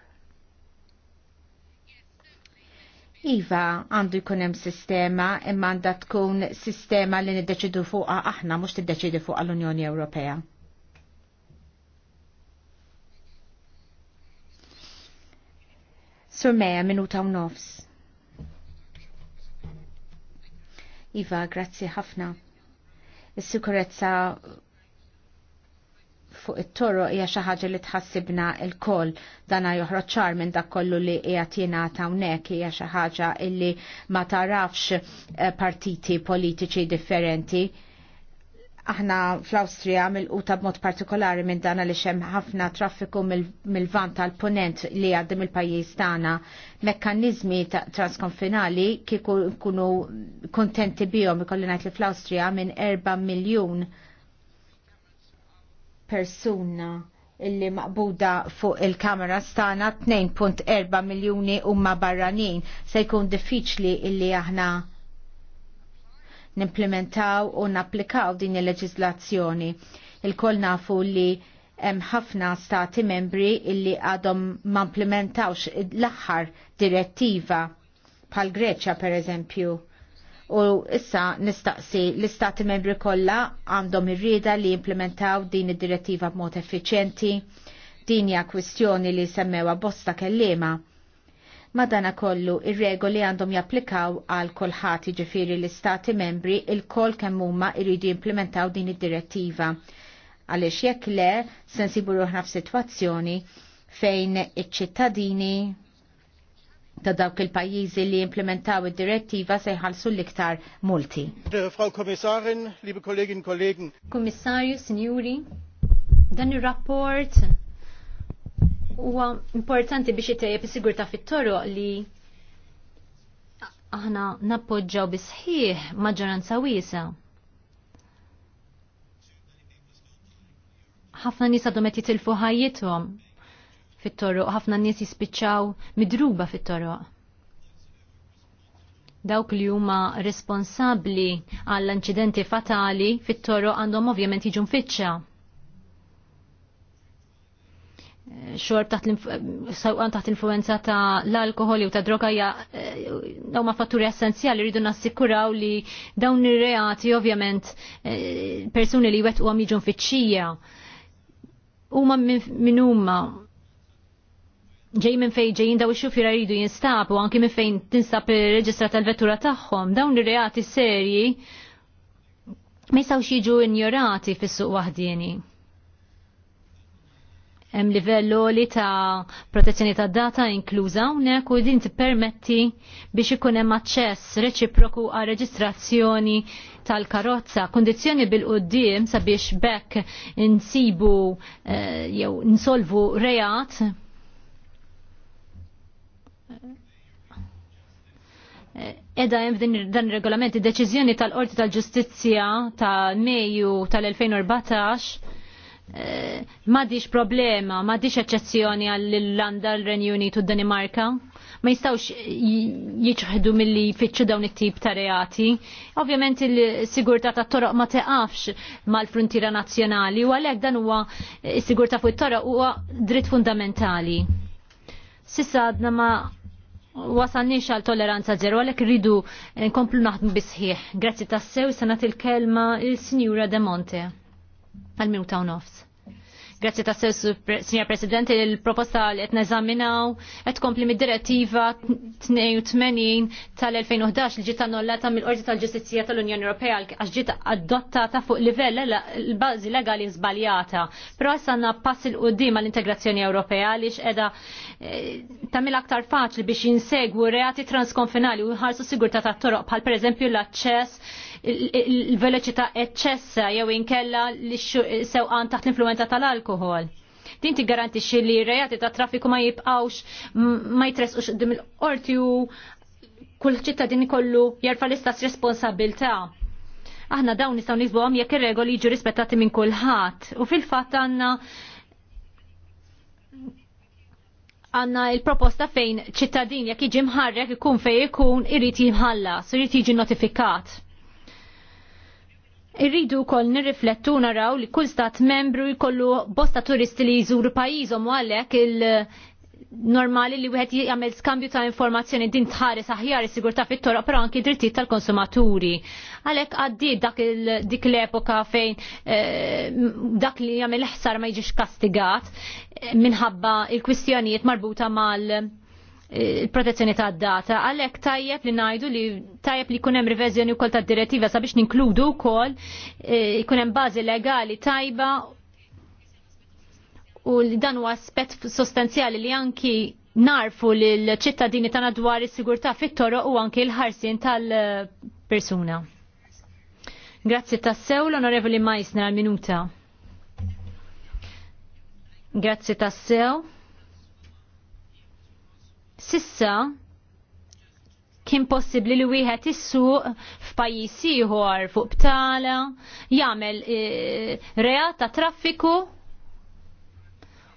B: Iva, għandu jkun hemm sistema imma għandha tkun sistema li niddeċidu fuqha aħna mhux tiddeċidi fuqha l-Unjoni Ewropea. Surmeja minuta u nofs. Iva, grazzi ħafna. Is-sikurezza fuq it-toro hija xi ħaġa li tħassibna l-koll dana joħroġ ċar minn dak kollu li hija tingħata hawnhekk hija xi ħaġa illi ma tarafx eh, partiti politiċi differenti Aħna fl-Awstrija mill-quta b'mod partikolari minn dan għaliex hemm ħafna traffiku mill-vant mil tal-ponent li għaddim il-pajjiż tagħna. Mekkaniżmi ta transkonfinali kieku kunu kontenti bihom ikolli ngħid li fl-Awstrija minn 4 miljun persuna illi maqbuda fuq il-kamera stana 2.4 miljoni umma barranin se jkun diffiċli illi aħna nimplementaw u napplikaw din il-leġizlazzjoni. Il-koll nafu li hemm ħafna stati membri illi għadhom ma implementawx l-aħħar direttiva bħal Greċja per eżempju. U issa nistaqsi l-istati membri kollha għandhom irrieda li implementaw din id-direttiva b'mod effiċjenti. Din hija kwistjoni li semmewa bosta kellima Madana kollu ir-regoli għandhom japplikaw għal kolħati ġifiri l-istati membri il-kol kemmumma irridu implementaw din id-direttiva. Għalix jekk le, sensibu ruħna f-situazzjoni fejn iċ-ċittadini ta' dawk il-pajjiżi li implementaw id-direttiva se jħalsu l-iktar multi.
A: Äh, Frau Kommissarin, liebe Kolleginnen und Kollegen. Kommissarju, Sinjuri, dan ir-rapport huwa importanti biex itejjeb is sigurta fit-toroq li aħna nappoġġaw sħiħ maġġoranza wiesa. ħafna nies għadhom qed jitilfu ħajjithom fit-toroq, ħafna nies jispiċċaw midruba fit-toroq. Dawk li huma responsabbli għall inċidenti fatali fit-toroq għandhom ovvjament jiġu mfittxa xorb taħt sewqan taħt influenza ta' l alkohol u ta' droga ja daw eh, ma' fatturi essenzjali rridu nassikuraw li dawn ir-reati ovvjament eh, persuni li wet u għam fiċċija u ma' minn umma ġej minn fejn ġejjin daw ix-xufira rridu jinstabu anki minn fejn tinsab ir-reġistra tal-vettura tagħhom dawn ir-reati serji ma jistgħux jiġu injorati fis-suq waħdieni hemm livello ta' protezzjoni ta' data inkluża hawnhekk u din tippermetti biex ikun hemm aċċess reċiproku għal reġistrazzjoni tal-karozza, kondizzjoni bil-qoddim sabiex bekk insibu eh, jew insolvu reat eh, Edha jem dan regolamenti deċizjoni tal-Qorti tal-Ġustizzja ta' Mejju tal-2014 Eh, madix problema, madix eccezzjoni għall-Irlanda, l-Renju Unitu, Danimarka. Ma jistawx jieċħedu mill-li jfittxu dawn it-tip ta' reati. Ovvjament il-sigurta ta' toroq ma teqafx mal-frontiera nazzjonali u għalhekk dan huwa il sigurta fuq it-toroq huwa dritt fundamentali. Sissa għadna ma wasalniex għal tolleranza zero għalhekk rridu nkomplu naħdmu bisħiħ. Grazzi tassew sanat il-kelma il-Sinjura De Monte għal-minuta u nofs. Grazie ta' sessu, signor Presidente, il-proposta li qed zaminaw, qed kompli mid-direttiva 82 tal-2011 li ġiet annollata mill-Qorti tal-Ġustizzija tal-Unjoni Ewropea għax ġiet adottata fuq livell l-bażi legali żbaljata. Però issa għandna pass il qudiem għall-integrazzjoni Ewropea li ta' mill aktar faċli biex jinsegwu reati transkonfinali u jħarsu sigurtà tat-toroq bħal pereżempju l-aċċess il-veloċità eċċessa jew inkella li sewqan taħt l-influenza tal-alkohol. Din tiggarantixxi li r-rejati ta' traffiku ma jibqawx ma jitresqux qdim il-qorti u kull ċittadin kollu jarfa l-istess responsabilta' aħna dawn nistgħu nisbuhom jekk ir-regoli jiġu rispettati minn kulħadd. U fil-fatt għandna għanna il-proposta fejn ċittadin jekk jiġi mħarrek ikun fejn ikun irid jinħallas irid jiġi notifikat. Irridu kol nirriflettu naraw li kull stat membru jkollu bosta turisti li jżuru pajizom u għalek il- normali li wieħed jagħmel skambju ta' informazzjoni din tħares aħjar is ta' fit-toroq però anki drittijiet tal-konsumaturi. Għalhekk għaddiet dak dik l-epoka fejn eh, dak li jagħmel ħsar ma jiġix kastigat eh, minħabba il-kwistjonijiet marbuta mal- il-protezzjoni eh, ta' data, għalek tajjeb li najdu li tajjeb li kunem revizjoni u kol ta' direttiva sabiex ninkludu u kol eh, kunem bazi legali tajba u li dan u aspet sostanzjali li anki narfu li l-ċittadini tana dwar is sigurta fit-toro u anki l-ħarsin tal-persuna. Grazzi tassew l-Onorevoli Majsna għal-minuta. Grazzi tassew. Sissa kien possibbli li wieħed issuq f'pajjiż ieħor fuq btala, jagħmel e, reat ta' traffiku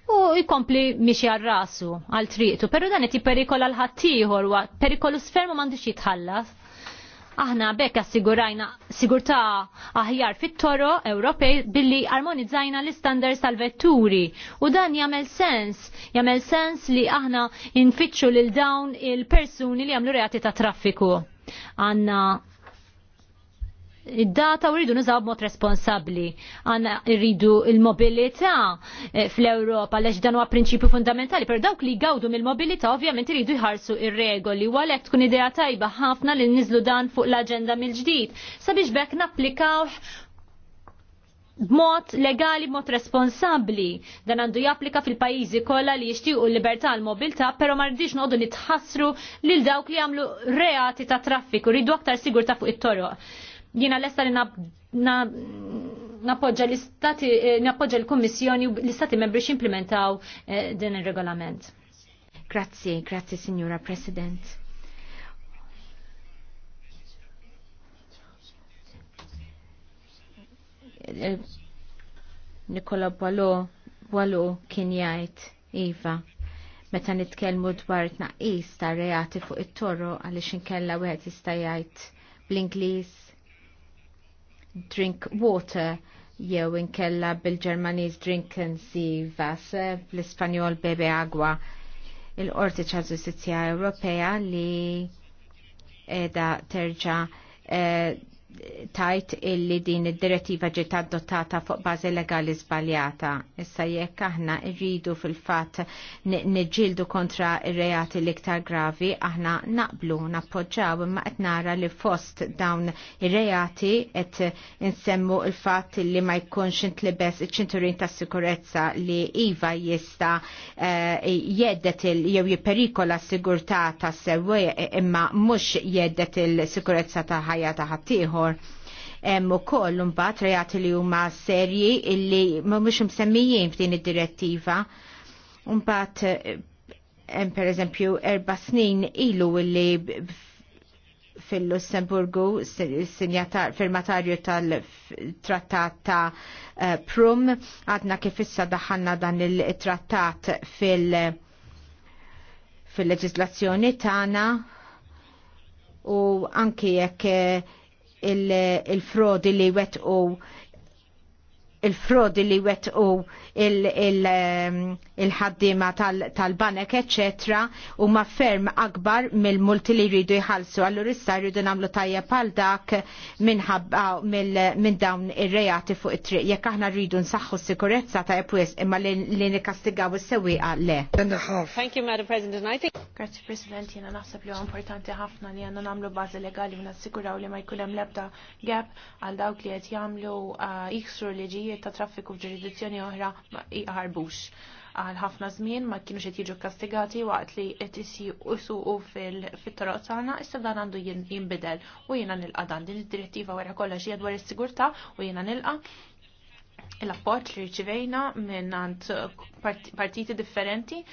A: u jkompli mixi għal rasu għal triqtu, pero dan qed jipperikola l-ħaddieħor perikolu sferma m'għandux jitħallas. Aħna bekk assigurajna sigurtà aħjar fit-toro Ewropej billi armonizzajna l-istandards tal-vetturi u dan jagħmel sens, jagħmel sens li aħna infittxu lil dawn il-persuni li jagħmlu reati ta' traffiku. Għanna id-data u rridu nizaw b'mod responsabbli. Għanna rridu il-mobilità eh, fl-Europa, lex dan huwa prinċipju fundamentali, per dawk li gawdu mill-mobilità ovvjament rridu jħarsu ir-regoli, u għalhekk tkun idea tajba ħafna li niżlu dan fuq l-aġenda mill-ġdid. Sabiex bekk napplikaw b'mod legali, b'mod responsabbli. Dan għandu japplika fil-pajjiżi kollha li jixtiequ l-libertà l mobilta però ma rridix noqogħdu nitħassru lil dawk li jagħmlu reati ta' traffiku, rridu aktar ta' fuq it-toroq Jiena lesta li nappoġġa l-istati, eh, nappoġġa l-Kummissjoni u l-istati membri ximplementaw eh, din ir-regolament. Grazzi, grazie Signora President.
B: Eh, Nikola Bualo, Bualo kien jgħid Iva, meta nitkellmu dwar tnaqis ta' reati fuq it-toro għaliex inkella wieħed jista' jgħid bl-Ingliż drink water jew inkella bil-Ġermaniż drink and see vas bl-Ispanjol bebe agwa il-Qorti ċażustizja Ewropea li edha terġa' eh, tajt illi din id-direttiva ġiet adottata fuq bażi legali żbaljata. Issa jekk aħna rridu fil-fatt niġġieldu kontra ir-reati l-iktar gravi, aħna naqblu nappoġġaw imma qed nara li fost dawn ir-reati qed insemmu l-fatt li ma jkunx intlibes iċ-ċinturin ta' sikurezza li iva jista' eh, jeddet il jew jipperikola s-sigurtà tas-sewwieq imma mhux jeddet il-sikurezza ta' ħajja ta' ħaddieħor ieħor hemm ukoll mbagħad reati li huma serji illi mhumiex msemmijin f'din id-direttiva. Mbagħad hemm pereżempju erba' snin ilu illi fil-Lussemburgu firmatarju tal-trattat ta' eh, Prum għadna kif issa daħanna dan il-trattat fil- fil-leġislazzjoni tagħna u anki jekk eh, il-frodi li wetqu il-frodi li wet u um, il-ħaddima tal-banek, etc. u ma ferm akbar mill-multi li rridu jħalsu. Allur issa rridu namlu tajja pal dak minn dawn ir-rejati fuq it-triq. Jekk aħna rridu nsaħħu s-sikurezza ta' epwis imma li nikastigaw is-sewwieqa le.
C: Thank you, Madam President. I think... Grazie, President. Jena naħseb li importanti ħafna li għanna namlu bazi legali u nassikuraw li ma jkunem lebda gap għal dawk li għet jamlu uh, iksru liġi każijiet ta' traffiku f'ġurisdizzjoni oħra ma jqarbux. Għal ħafna żmien ma kienu qed jiġu kastigati waqt li qed isuqu fit-toroq tagħna, issa dan għandu jinbidel u jiena nilqa' dan din id-direttiva wara kollox hija dwar is-sigurtà u jiena nilqa' l-appoġġ li rċivejna minn għand partiti differenti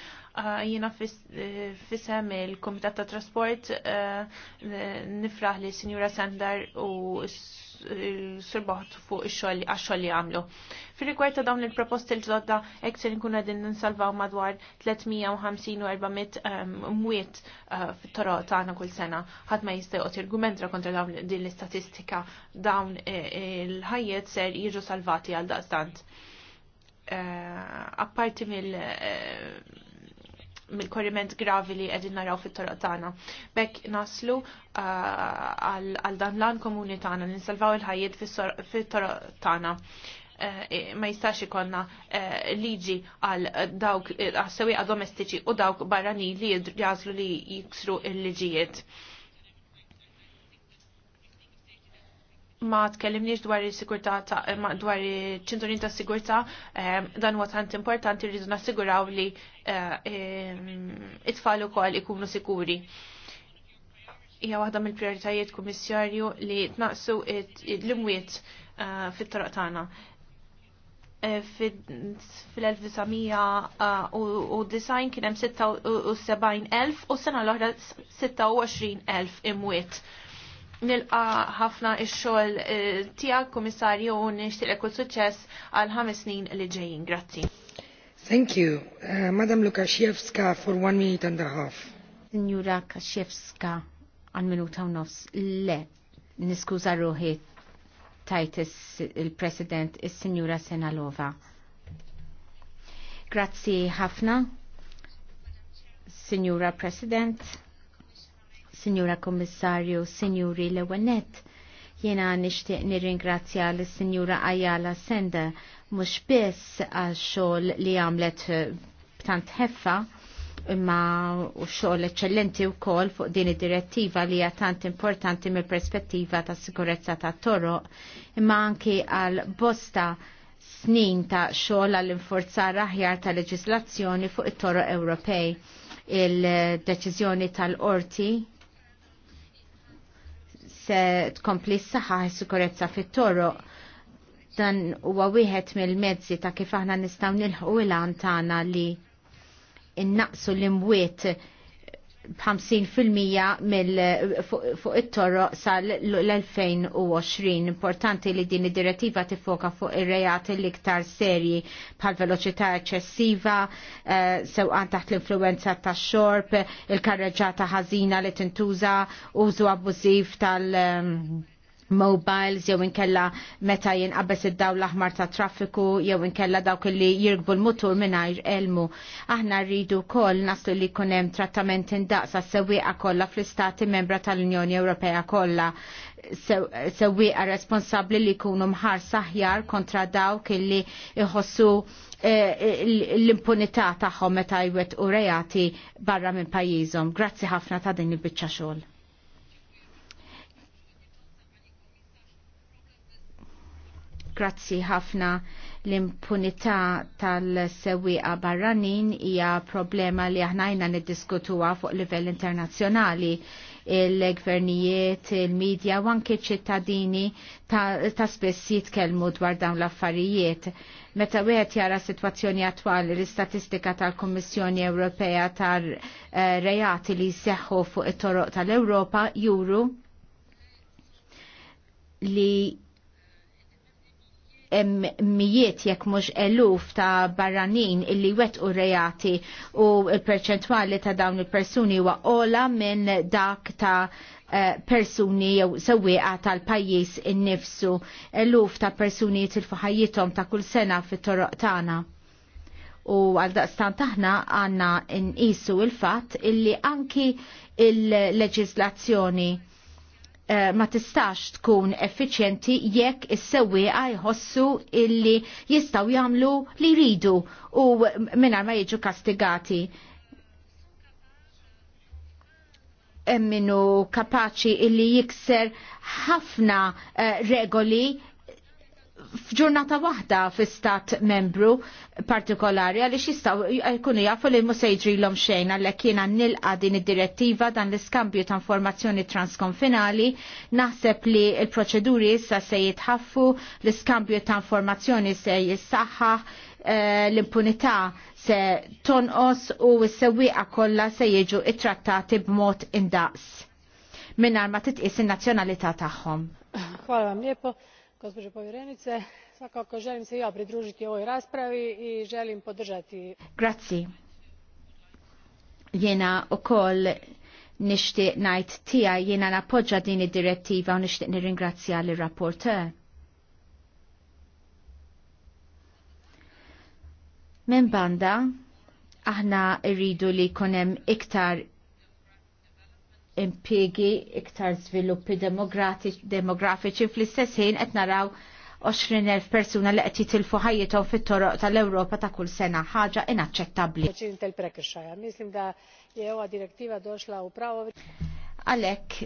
C: jiena fisem il-Komitat ta' Trasport eh, nifraħ li Sinjura Sender u s s sirbaħt fuq ix-xogħol għax-xogħol li għamlu. Fir-rigward ta' dawn il-proposti l-ġodda hekk se għedin n salvaw madwar 350 400 ehm, mwiet eh, fit ta' tagħna kull sena. Ħadd ma jista' joqgħod jirgumentra kontra dawn din l-istatistika dawn eh, il-ħajjet ser jiġu salvati għal daqstant. Eh, apparti mill- mill-korriment gravi li qegħdin naraw fit-toroq tagħna. Bekk naslu uh, għal dan lan komuni tagħna li nsalvaw il-ħajjiet fit-toroq tagħna. Uh, eh, ma jistax ikonna eh, liġi għal dawk eh, għas-sewieqa domestiċi u dawk barani li jazlu li jiksru il-liġijiet. ma tkellimniex dwar il-sigurtà dwar il-ċinturin ta' sigurtà dan huwa tant importanti rridu nassiguraw li eh, it-tfal ukoll ikunu sikuri. Hija waħda mill-prijoritajiet kummissjarju li tnaqsu l-imwiet eh, fit-toroq tagħna. Eh, Fil-1990 kien hemm 76,000 u s-sena l-oħra 26,000 imwiet nilqa ħafna ix-xogħol eh, tiegħek Kummissarju u nixtieq kull suċċess għal ħames snin li ġejjin. Grazzi.
B: Thank you. Uh, Madam Lukashevska for one minute and a half. Signora Kashevska għal minuta u nofs. Le, niskuża ruħi tajt il-President is sinjura Senalova. Grazzi ħafna, Signora President. Signora Kommissarju, Signori Lewenet. Jena nishtiq nirringrazzja l-Signora Ayala Senda mux biss għal xol li għamlet eh, tant heffa imma u xogħol eċċellenti wkoll fuq din id-direttiva li hija tant importanti mill-perspettiva ta' sikurezza ta' toroq imma anki għal bosta snin ta' xogħol għall inforzar aħjar ta' leġislazzjoni fuq it-toroq Ewropej il-deċiżjoni tal-qorti se tkompli s-saħħa s-sikurezza fit-toro dan huwa wieħed mill-mezzi ta' kif aħna nistgħu nilħu il-għan tagħna li innaqsu l-imwiet 50% mill fuq it-torro sal-2020. l-elfin Importanti li din id-direttiva tifoka fuq ir-rejati l-iktar serji bħal veloċità eċċessiva, sewqan taħt l-influenza tax xorb, il-karreġata ħażina li tintuża, użu abbużiv tal- mobiles jew inkella meta jinqabbes id-daw l-aħmar ta' traffiku jew inkella dawk li jirgbu l-mutur mingħajr elmu. Aħna rridu wkoll naslu li jkun hemm trattament indaqsa sewwieqa kollha fl-istati membra tal-Unjoni Ewropea kollha sewwieqa responsabbli li jkunu mħar saħjar kontra dawk li iħossu eh, eh, l-impunità tagħhom meta jwet u rejati barra minn pajjiżhom. Grazzi ħafna ta' din il-biċċa xogħol. Grazzi ħafna l-impunità tal-sewiqa barranin hija problema li aħnajna niddiskutuha fuq livell internazzjonali il-gvernijiet, il-medja u anke ċittadini ta', ta spess jitkellmu dwar dawn l-affarijiet. Meta wieħed jara situazzjoni attwali l-istatistika tal-Kummissjoni Ewropea tar-rejati eh, li jseħħu fuq it-toroq tal-Ewropa juru li mijiet jekk mhux eluf ta' barranin illi wet u rejati u il-perċentwali ta' dawn il-persuni huwa ola minn dak ta' eh, persuni jew sewwieqa tal-pajjiż innifsu eluf ta' persuni tilfu ħajjithom ta' kull sena fit-toroq tagħna u għal daqstan taħna għanna nqisu il-fat illi anki il-leġislazzjoni il leġislazzjoni Eh, ma tistax tkun effiċjenti jekk is-sewwieqa jħossu illi jistgħu jagħmlu li jridu u mingħajr ma jiġu kastigati. Emminu kapaċi illi jikser ħafna eh, regoli f'ġurnata waħda f'istat membru partikolari għaliex jistgħu jkunu jafu li mhux se jġrilhom xejn għalhekk jiena nilqa din id-direttiva dan l-iskambju ta' informazzjoni transkonfinali naħseb li l-proċeduri issa se jitħaffu l-iskambju ta' informazzjoni se jissaħħaħ eh, l-impunità se tonqos u s-sewwieqa kollha se jiġu ittrattati b'mod indaqs minn ma titqis in-nazzjonalità tagħhom.
D: Hvala gospođo povjerenice svakako želim se i ja
C: pridružiti ovoj raspravi i elim podrati
B: jena u koll nishtiq najt tija jena napoġġa din id-direttiva u nixtieq nirringrazzja lir rapporteur Min banda, aħna rridu li kunem iktar impiegi iktar sviluppi demografiċi fl-istess ħin qed naraw 20.000 persuna li qed jitilfu ħajjithom fit-toroq tal-Ewropa ta' kull sena, ħaġa inaċċettabbli. Għalhekk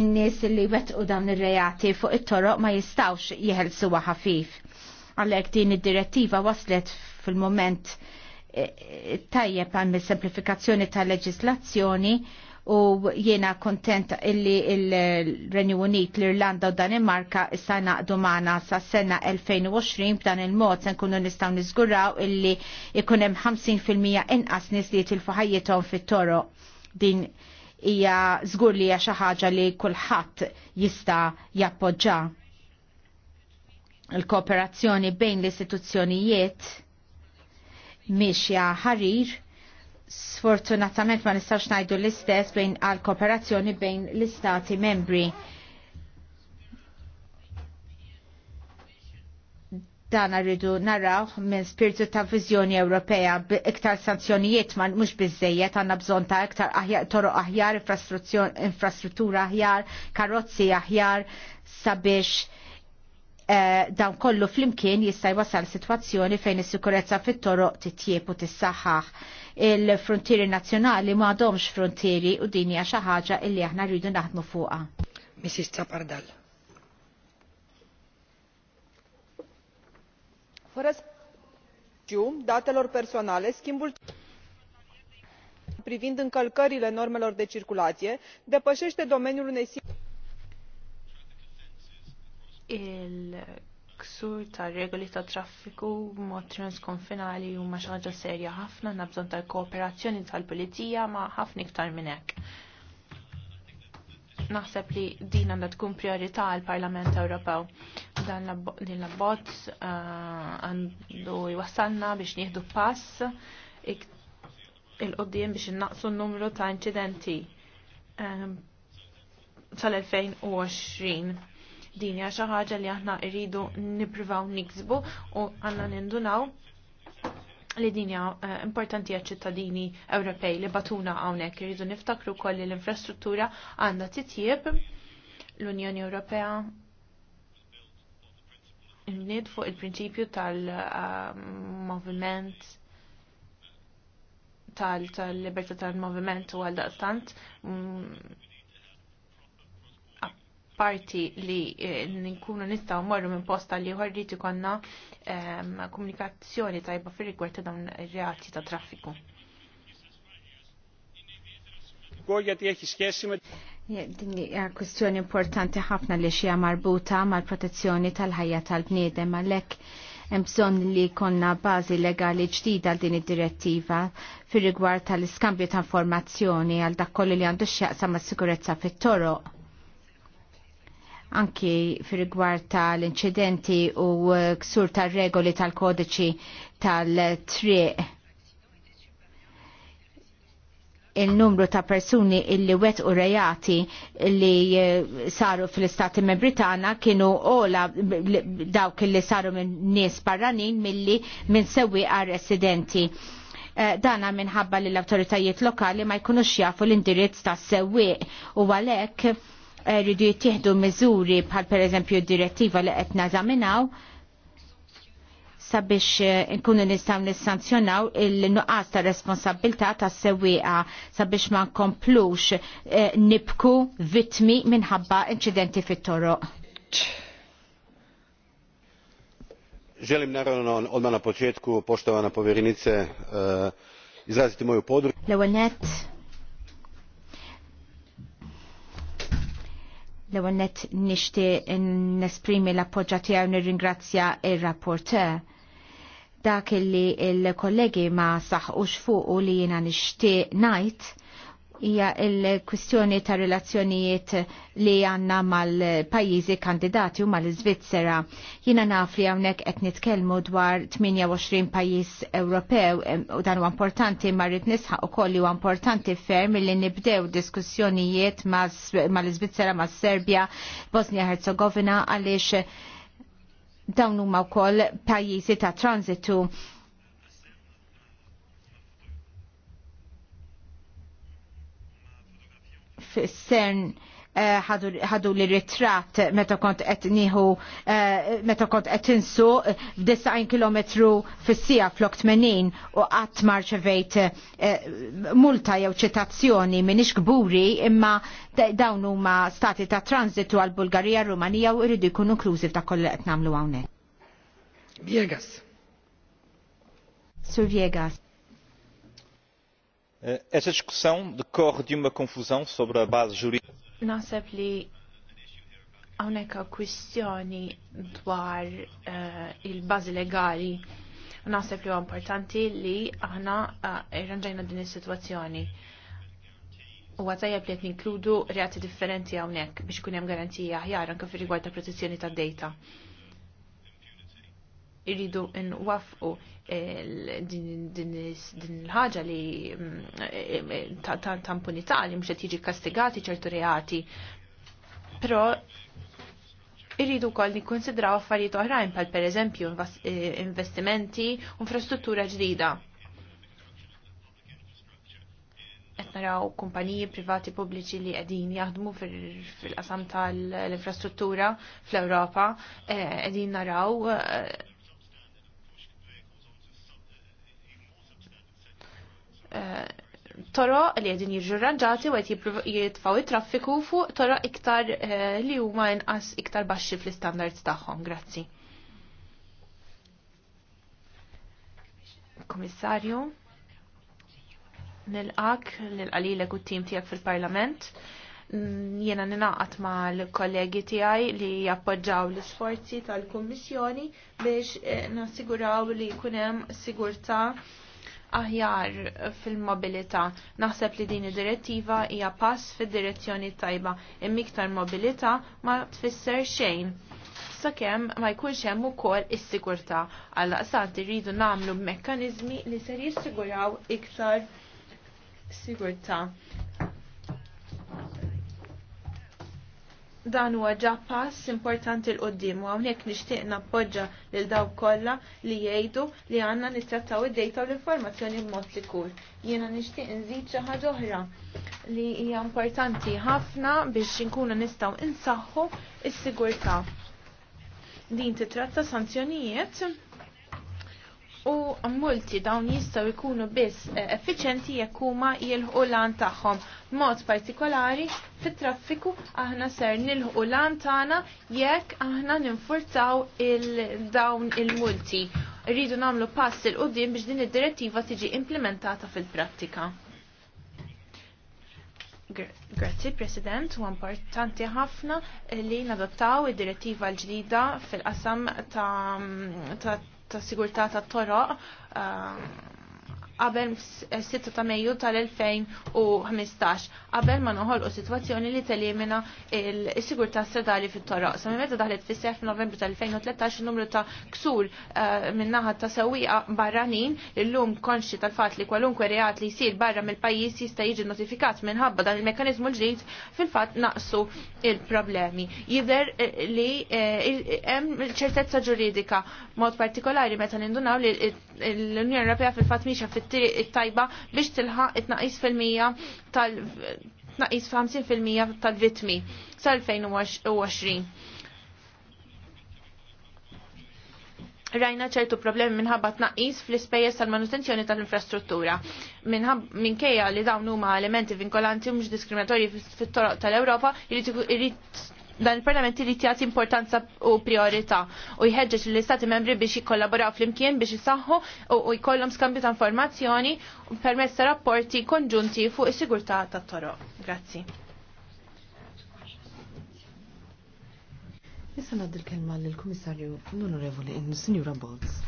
B: in-nies li wettqu dawn ir-reati fuq it-toroq ma jistgħux jeħelsuha ħafif. Għalhekk din id-direttiva waslet fil-moment eh, tajjeb għal semplifikazzjoni tal-leġislazzjoni u jiena kontenta illi il-Renju Unit, l-Irlanda u Danimarka issa naqdu maħna sa sena 2020 b'dan il-mod se nkunu nistgħu niżguraw illi ikun hemm 50% inqas nis li jitilfu ħajjithom fit-toro din hija żgur li hija xi ħaġa li kulħadd jista' jappoġġa il-kooperazzjoni bejn l-istituzzjonijiet miexja ħarir sfortunatament ma nistax najdu l-istess bejn għal kooperazzjoni bejn l-istati membri. Dan rridu naraw minn spiritu ta' viżjoni Ewropea iktar sanzjonijiet ma mhux bizzejiet għandna bżonn ta' iktar aħjar, toroq aħjar, infrastruttura aħjar, karozzi aħjar sabiex eh, dawn kollu flimkien jista' wasal sitwazzjoni fejn is-sikurezza fit-toroq titjiepu u tissaħħaħ il-frontieri nazjonali ma domx frontieri u din hija ħaġa illi aħna rridu naħdmu fuqha. Mrs.
D: Tapardal. ġum, datelor personale, schimbul privind încălcările normelor de circulație depășește domeniul unei
C: il ksur ta' regoli ta' traffiku mod transkonfinali u ma' xaġa serja ħafna nabżon tal-kooperazzjoni tal-pulizija ma' ħafna iktar minn hekk. Naħseb li din għandha tkun priorità għall Parlament Ewropew. Dan din l-abbozz eh, għandu jwassalna biex nieħdu pass il-qoddim biex innaqsu n-numru ta' inċidenti um, eh, tal-2020 Din hija xi ħaġa li aħna rridu nippruvaw niksbu u għandna nindunaw li dinja eh, importanti għaċ ċittadini Ewropej li batuna hawnhekk irridu niftakru wkoll li l-infrastruttura għandha titjieb l-Unjoni Ewropea nid fuq il-prinċipju tal-moviment eh, tal-libertà tal-moviment u għal daqstant mm, parti li eh, nkunu nistgħu morru minn posta li ħorrit konna ehm, komunikazzjoni tajba fir rigward ta' dawn ir-reati ta' traffiku. Din hija kwistjoni importanti
B: ħafna li xija marbuta mal-protezzjoni tal-ħajja tal-bniedem għalhekk hemm bżonn li konna bażi legali ġdida għal din id-direttiva fir rigward tal-iskambju ta' informazzjoni għal dak kollu li għandu x'jaqsam mas-sikurezza fit-toroq anki fil-rigward tal-inċidenti u uh, ksur tal-regoli tal-kodiċi tal-triq il-numru ta' persuni illi wet u rejati li uh, saru fil-Istati Membritana kienu ola dawk illi saru minn nies barranin milli minn sewi residenti. Uh, dana minħabba li l-autoritajiet lokali ma jkunux jafu l-indirizz ta' sewi u għalek rridu jittieħdu miżuri bħal pereżempju d-direttiva li qed nażaminaw sabiex eh, nkunu nistgħu nissanzjonaw il-nuqqas ta' responsabilità tas sewwieqa sabiex ma nkomplux eh, nibku vittmi minħabba inċidenti fit-toroq.
C: Želim naravno odmah na početku, poštovana povjerenice, eh, izraziti moju podru.
B: L-ewwel net nixtieq nesprimi l appoġġa tiegħu nirringrazzja ir-rapporteur dak illi il-kollegi ma saħqux fuq u li jiena nixtieq ngħid hija l-kwistjoni ta' relazzjonijiet li għanna mal-pajjiżi kandidati u mal-Iżvizzera. Jiena naf li hawnhekk qed nitkellmu dwar 28 pajjiż Ewropew u dan huwa importanti ma rrid nisħaq ukoll huwa importanti ferm li nibdew diskussjonijiet mal-Iżvizzera mas-Serbja, Bosnia Herzegovina għaliex dawn huma wkoll pajjiżi ta' transitu fissern eh, ħadu li ritratt meta kont qed nieħu eh, meta kont qed insuq f'disgħin kilometru fis-sija flok 80 u qatt marċevejt eh, multa jew ċitazzjoni m'iniex kburi imma dawn huma stati ta' transitu għal Bulgarija Rumanija u jridu jkunu inklużi ta' kollu qed nagħmlu hawnhekk.
D: Viegas.
C: Sur Viegas.
D: Eh, essa diskussjoni decorre de uma confusão sobre a base jurídica.
C: Naħseb li hawnhekk kwistjoni dwar uh, il-bażi legali. Naħseb li huwa importanti li aħna eh, irranġajna din is-sitwazzjoni. Huwa tajjeb li qed ninkludu reati differenti hawnhekk biex ikun hemm ħjar aħjar fil fir-rigward ta' protezzjoni tad-dejta irridu nwafqu din il-ħaġa li mm, eh, eh, ta' impunità li mhux qed jiġi kastigati ċertu reati. Però irridu wkoll nikkonsidraw affarijiet oħrajn bħal pereżempju eh, investimenti u infrastruttura ġdida. Qed naraw kumpaniji privati pubbliċi li qegħdin jaħdmu fil-qasam tal-infrastruttura fl-Ewropa, qegħdin naraw Eh, toro li għedin jirġu rranġati u għed jitfaw traffiku fuq toro iktar eh, li huma inqas iktar baxxi fl-standards tagħhom. Grazzi. Komissarju, nilqak nilqalilek u t-tim tiegħek fil-Parlament. Mm, jiena ninaqat ma l-kollegi tiegħi li jappoġġaw l isforzi tal kummissjoni biex eh, nassiguraw li jkun hemm sigurtà aħjar fil-mobilità. Naħseb li din id-direttiva hija pass fil direzzjoni tajba imiktar mobilità ma tfisser xejn sakemm ma jkunx hemm ukoll is-sigurtà. Alla saħt irridu nagħmlu mekkaniżmi li ser jissiguraw iktar sigurtà. dan huwa ġa pass importanti l-qoddim u hawnhekk nixtieq nappoġġa lil dawk kollha li jgħidu li għandna nittrattaw id-dejta u l-informazzjoni b'mod sikur. Jiena nixtieq nżid xi ħaġa oħra li hija importanti ħafna biex inkunu nistgħu insaħħu s-sigurtà. Din titratta sanzjonijiet u multi dawn jistaw ikunu biss eh, effiċenti jekk huma jilħqu lan tagħhom. Mod partikolari fit-traffiku aħna ser nilħqu lan tagħna jekk aħna ninfurtaw il-dawn il-multi. Rridu nagħmlu pass il qudiem biex din id-direttiva tiġi implementata fil-prattika. Grazzi, President, u importanti ħafna li nadottaw id-direttiva l-ġdida fil-qasam ta' mm, ta' sigurtà tat-toroq uh, ehm, qabel 6 ta' Mejju tal-2015 qabel ma noħolqu sitwazzjoni li telimina il-sigurtà stradali fit-toroq. Sa meta daħlet fis sef novembru tal-2013 numru ta' ksur eh, minnaħa ta' sewwieqa barranin illum konxi tal-fatt li kwalunkwe reat li jsir barra mill-pajjiż jista' jiġi notifikat minħabba dan il-mekkaniżmu l-ġdid fil-fatt naqsu il-problemi. Jidher eh, li eh, hemm ċertezza ġuridika mod partikolari meta nindunaw li l-Unjoni Ewropea fil-fatt miexa fit it tajba biex tilħaq it-naqis fil-mija tal fil 50% tal-vitmi sal-2020. Rajna ċertu problemi minħabba tnaqis fl-ispejjeż tal-manutenzjoni tal-infrastruttura. Minkejja li dawn huma elementi vinkolanti mhux diskriminatorji fit-toroq tal-Ewropa, jrid dan il-Parlament irid jagħti importanza u priorità u jħeġġeġ l-Istati membri biex jikkollaboraw flimkien biex isaħħu u jkollhom skambju ta' informazzjoni permezz ta' rapporti konġunti fuq is-sigurtà tat-toroq. Grazzi.
D: Issa nad il-kelma l-Komissarju l-Onorevoli Signora Bolz.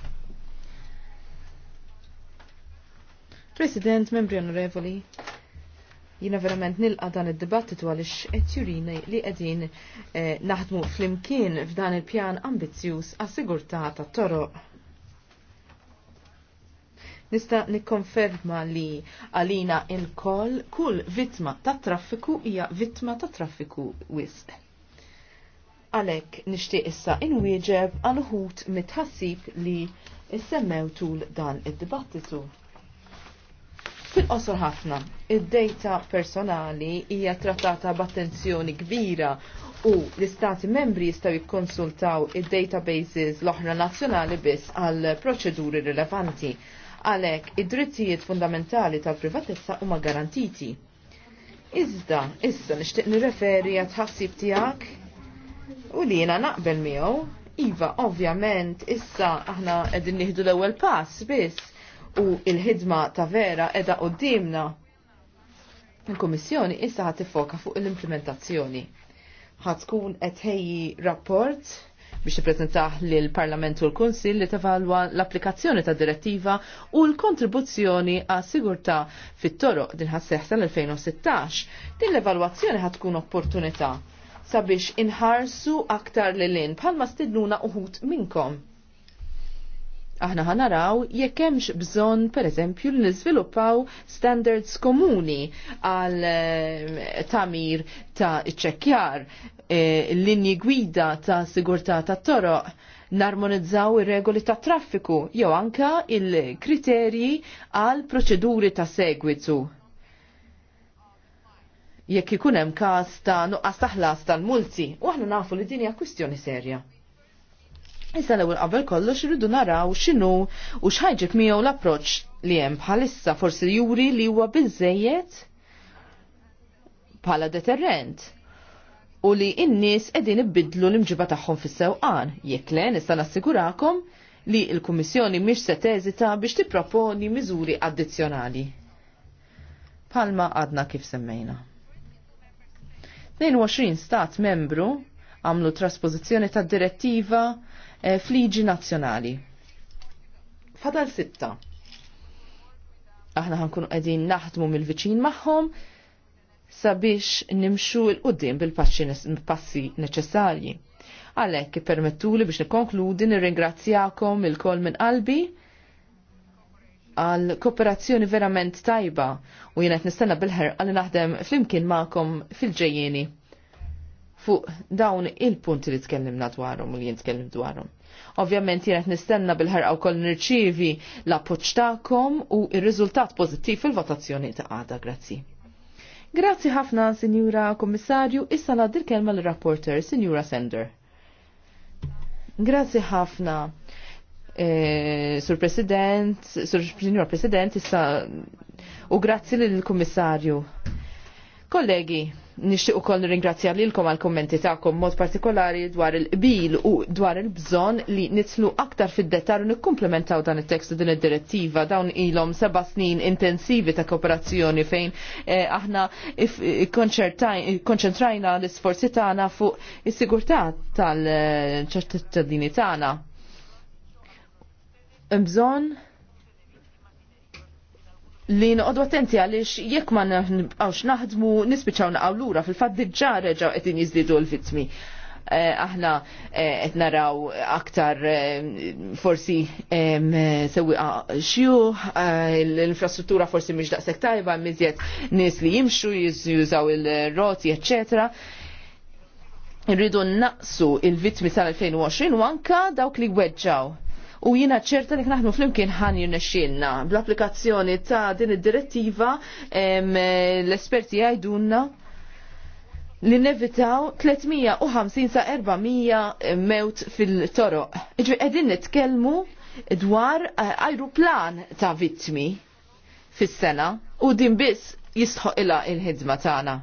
D: President, membri onorevoli, Jina verament nilqa dan id-dibattitu għalix qed jurini li qegħdin eh, naħdmu flimkien f'dan il-pjan ambizjus għas sigurta ta' toroq Nista nikkonferma li għalina il-koll kull vittma ta' traffiku hija vittma ta' traffiku wisq. Għalek nixtieq issa inwieġeb għal ħut mitħassib li issemmew tul dan id-dibattitu. Fil-qosor ħafna, id-data personali hija trattata b'attenzjoni kbira u l-istati membri jistaw jikkonsultaw id-databases l-oħra nazzjonali biss għal proċeduri rilevanti għalek id-drittijiet fundamentali tal-privatezza huma garantiti. Iżda, issa nixtieq nirreferi għat ħassib tiegħek u li jiena naqbel miegħu, iva ovvjament issa aħna qegħdin nieħdu l-ewwel pass biss u il-ħidma ta' vera edha dimna. Il-Kummissjoni issa ħat tifoka fuq l-implementazzjoni. Ħat tkun etħeji rapport biex tippreżentah lil Parlament u l-Kunsill li tevalwa l-applikazzjoni ta' direttiva u l-kontribuzzjoni għas sigurta fit-toroq din ħasseħ l 2016 Din l-evalwazzjoni ħat tkun opportunità sabiex inħarsu aktar lil lin bħalma stidnuna uħut minnkom. Aħna ħanaraw jekk hemmx bżonn pereżempju li niżviluppaw standards komuni għal eh, tamir ta' iċċekkjar, eh, linji gwida ta' sigurtà ta' toroq narmonizzaw ir-regoli ta' traffiku jew anka il-kriterji għal proċeduri ta' segwitu. Jekk ikun hemm każ ta' nuqqas taħlas tal-multi, u aħna nafu li din hija kwistjoni serja. Issa l-ewwel qabel kollox irridu naraw x'inhu u x'ħajġek miegħu l-approċċ li hemm bħalissa forsi juri li huwa biżejjed bħala deterrent u li n-nies qegħdin ibidlu l-imġiba tagħhom fis-sewqan. Jekk le nista' nassigurakom li l-Kummissjoni mhix se teżita biex tipproponi miżuri addizzjonali. Palma għadna kif semmejna. 22 stat membru għamlu traspożizzjoni tad-direttiva Eh, fliġi nazzjonali. Fadal sitta. Aħna ħankunu qegħdin naħdmu mill-viċin magħhom sabiex nimxu l-qoddim bil-passi neċessarji. Għalek, li biex nikonkludi nirringrazzjakom il-kol minn qalbi għal kooperazzjoni verament tajba u jenet nistenna bil-ħerqa li naħdem flimkien maħkom fil-ġejjeni fuq dawn il-punti li tkellimna dwarhom u li jintkellim dwarhom. Ovvjament qed nistenna bil-ħarqa wkoll nirċievi l-appoġġ tagħkom u r-riżultat pożittiv fil-votazzjoni ta' għada. Grazzi. Grazzi ħafna, Sinjura Kommissarju, issa ngħaddi il-kelma l-rapporter, Sinjura Sender. Grazzi ħafna. Eh, sur President, Sur Signor President, issa u grazzi lill kummissarju Kollegi, nixtieq ukoll nirringrazzja lilkom għal kummenti tagħkom mod partikolari dwar il-qbil u dwar il-bżonn li nitlu aktar fid-dettar u nikkumplementaw dan it-tekst din id-direttiva dawn ilhom seba' snin intensivi ta' kooperazzjoni fejn eh, aħna konċentrajna l-isforzi tagħna fuq is-sigurtà tal ċittadini tagħna. Bżonn li noqdu attenti għaliex jekk ma nibqgħux naħdmu nispiċċaw naqgħu lura fil-fatt diġà reġgħu qed jiżdiedu l-vittmi. Eh, aħna eh, qed naraw aktar eh, forsi sewwieqa xju, l-infrastruttura forsi mhix daqshekk tajba, miżjed nies li jimxu, jużaw il-roti, eċċetera irridu naqsu il-vittmi tal-2020 u anka dawk li gweġġaw u jina ċerta li knaħnu flimkien ħan jirnexxilna. Bl-applikazzjoni ta' din id-direttiva l-esperti għajdunna li nevitaw 350 sa 400 mewt fil-toroq. Iġvi għedin nitkelmu dwar eh, aeroplan ta' vittmi fis-sena u din biss jistħoq ila il-ħidma tagħna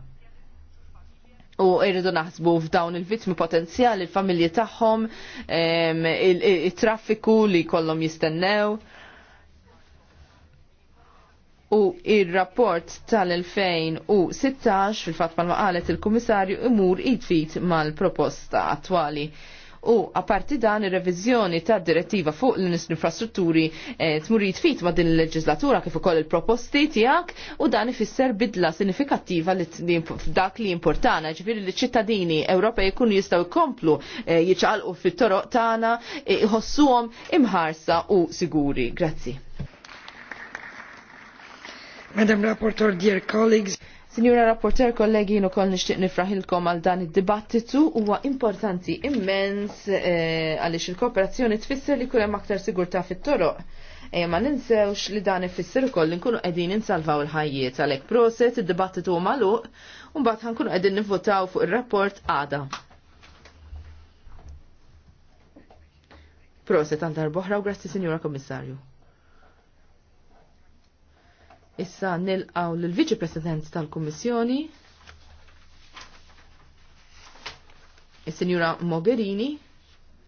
D: u irridu naħsbu f'dawn il-vittmi potenzjali, il-familji tagħhom, il-traffiku li kollhom jistennew. U il-rapport tal-2016 fil-fatt ma qalet il-Kummissarju imur id-fit mal-proposta attwali u aparti dan ir-reviżjoni ta' direttiva fuq l-infrastrutturi eh, tmurid fit ma' din il-leġislatura kif ukoll il-proposti tiegħek u dan ifisser bidla sinifikattiva dak li importana ġifieri li ċittadini Ewropej jkunu jistgħu jkomplu eh, jiċċalqu fit-toroq tagħna eh, iħossuhom imħarsa u siguri. Grazzi. Madam Rapporteur, dear colleagues, Signora rapporter kollegi jien ukoll nixtieq nifraħilkom għal dan id-dibattitu huwa importanti immens eh, għaliex il-kooperazzjoni tfisser li kull hemm aktar sigurtà fit-toroq. Ejja eh, ma ninsewx li dan ifisser ukoll li nkunu qegħdin insalvaw il-ħajjiet għalhekk proset id-dibattitu huma luq u mbagħad ħankunu qegħdin nivvotaw fuq ir-rapport għada. Proset għal darbohra u grazzi Sinjura Kommissarju. Issa nilqaw l-Viċi President tal-Kummissjoni, il sinjura Mogherini,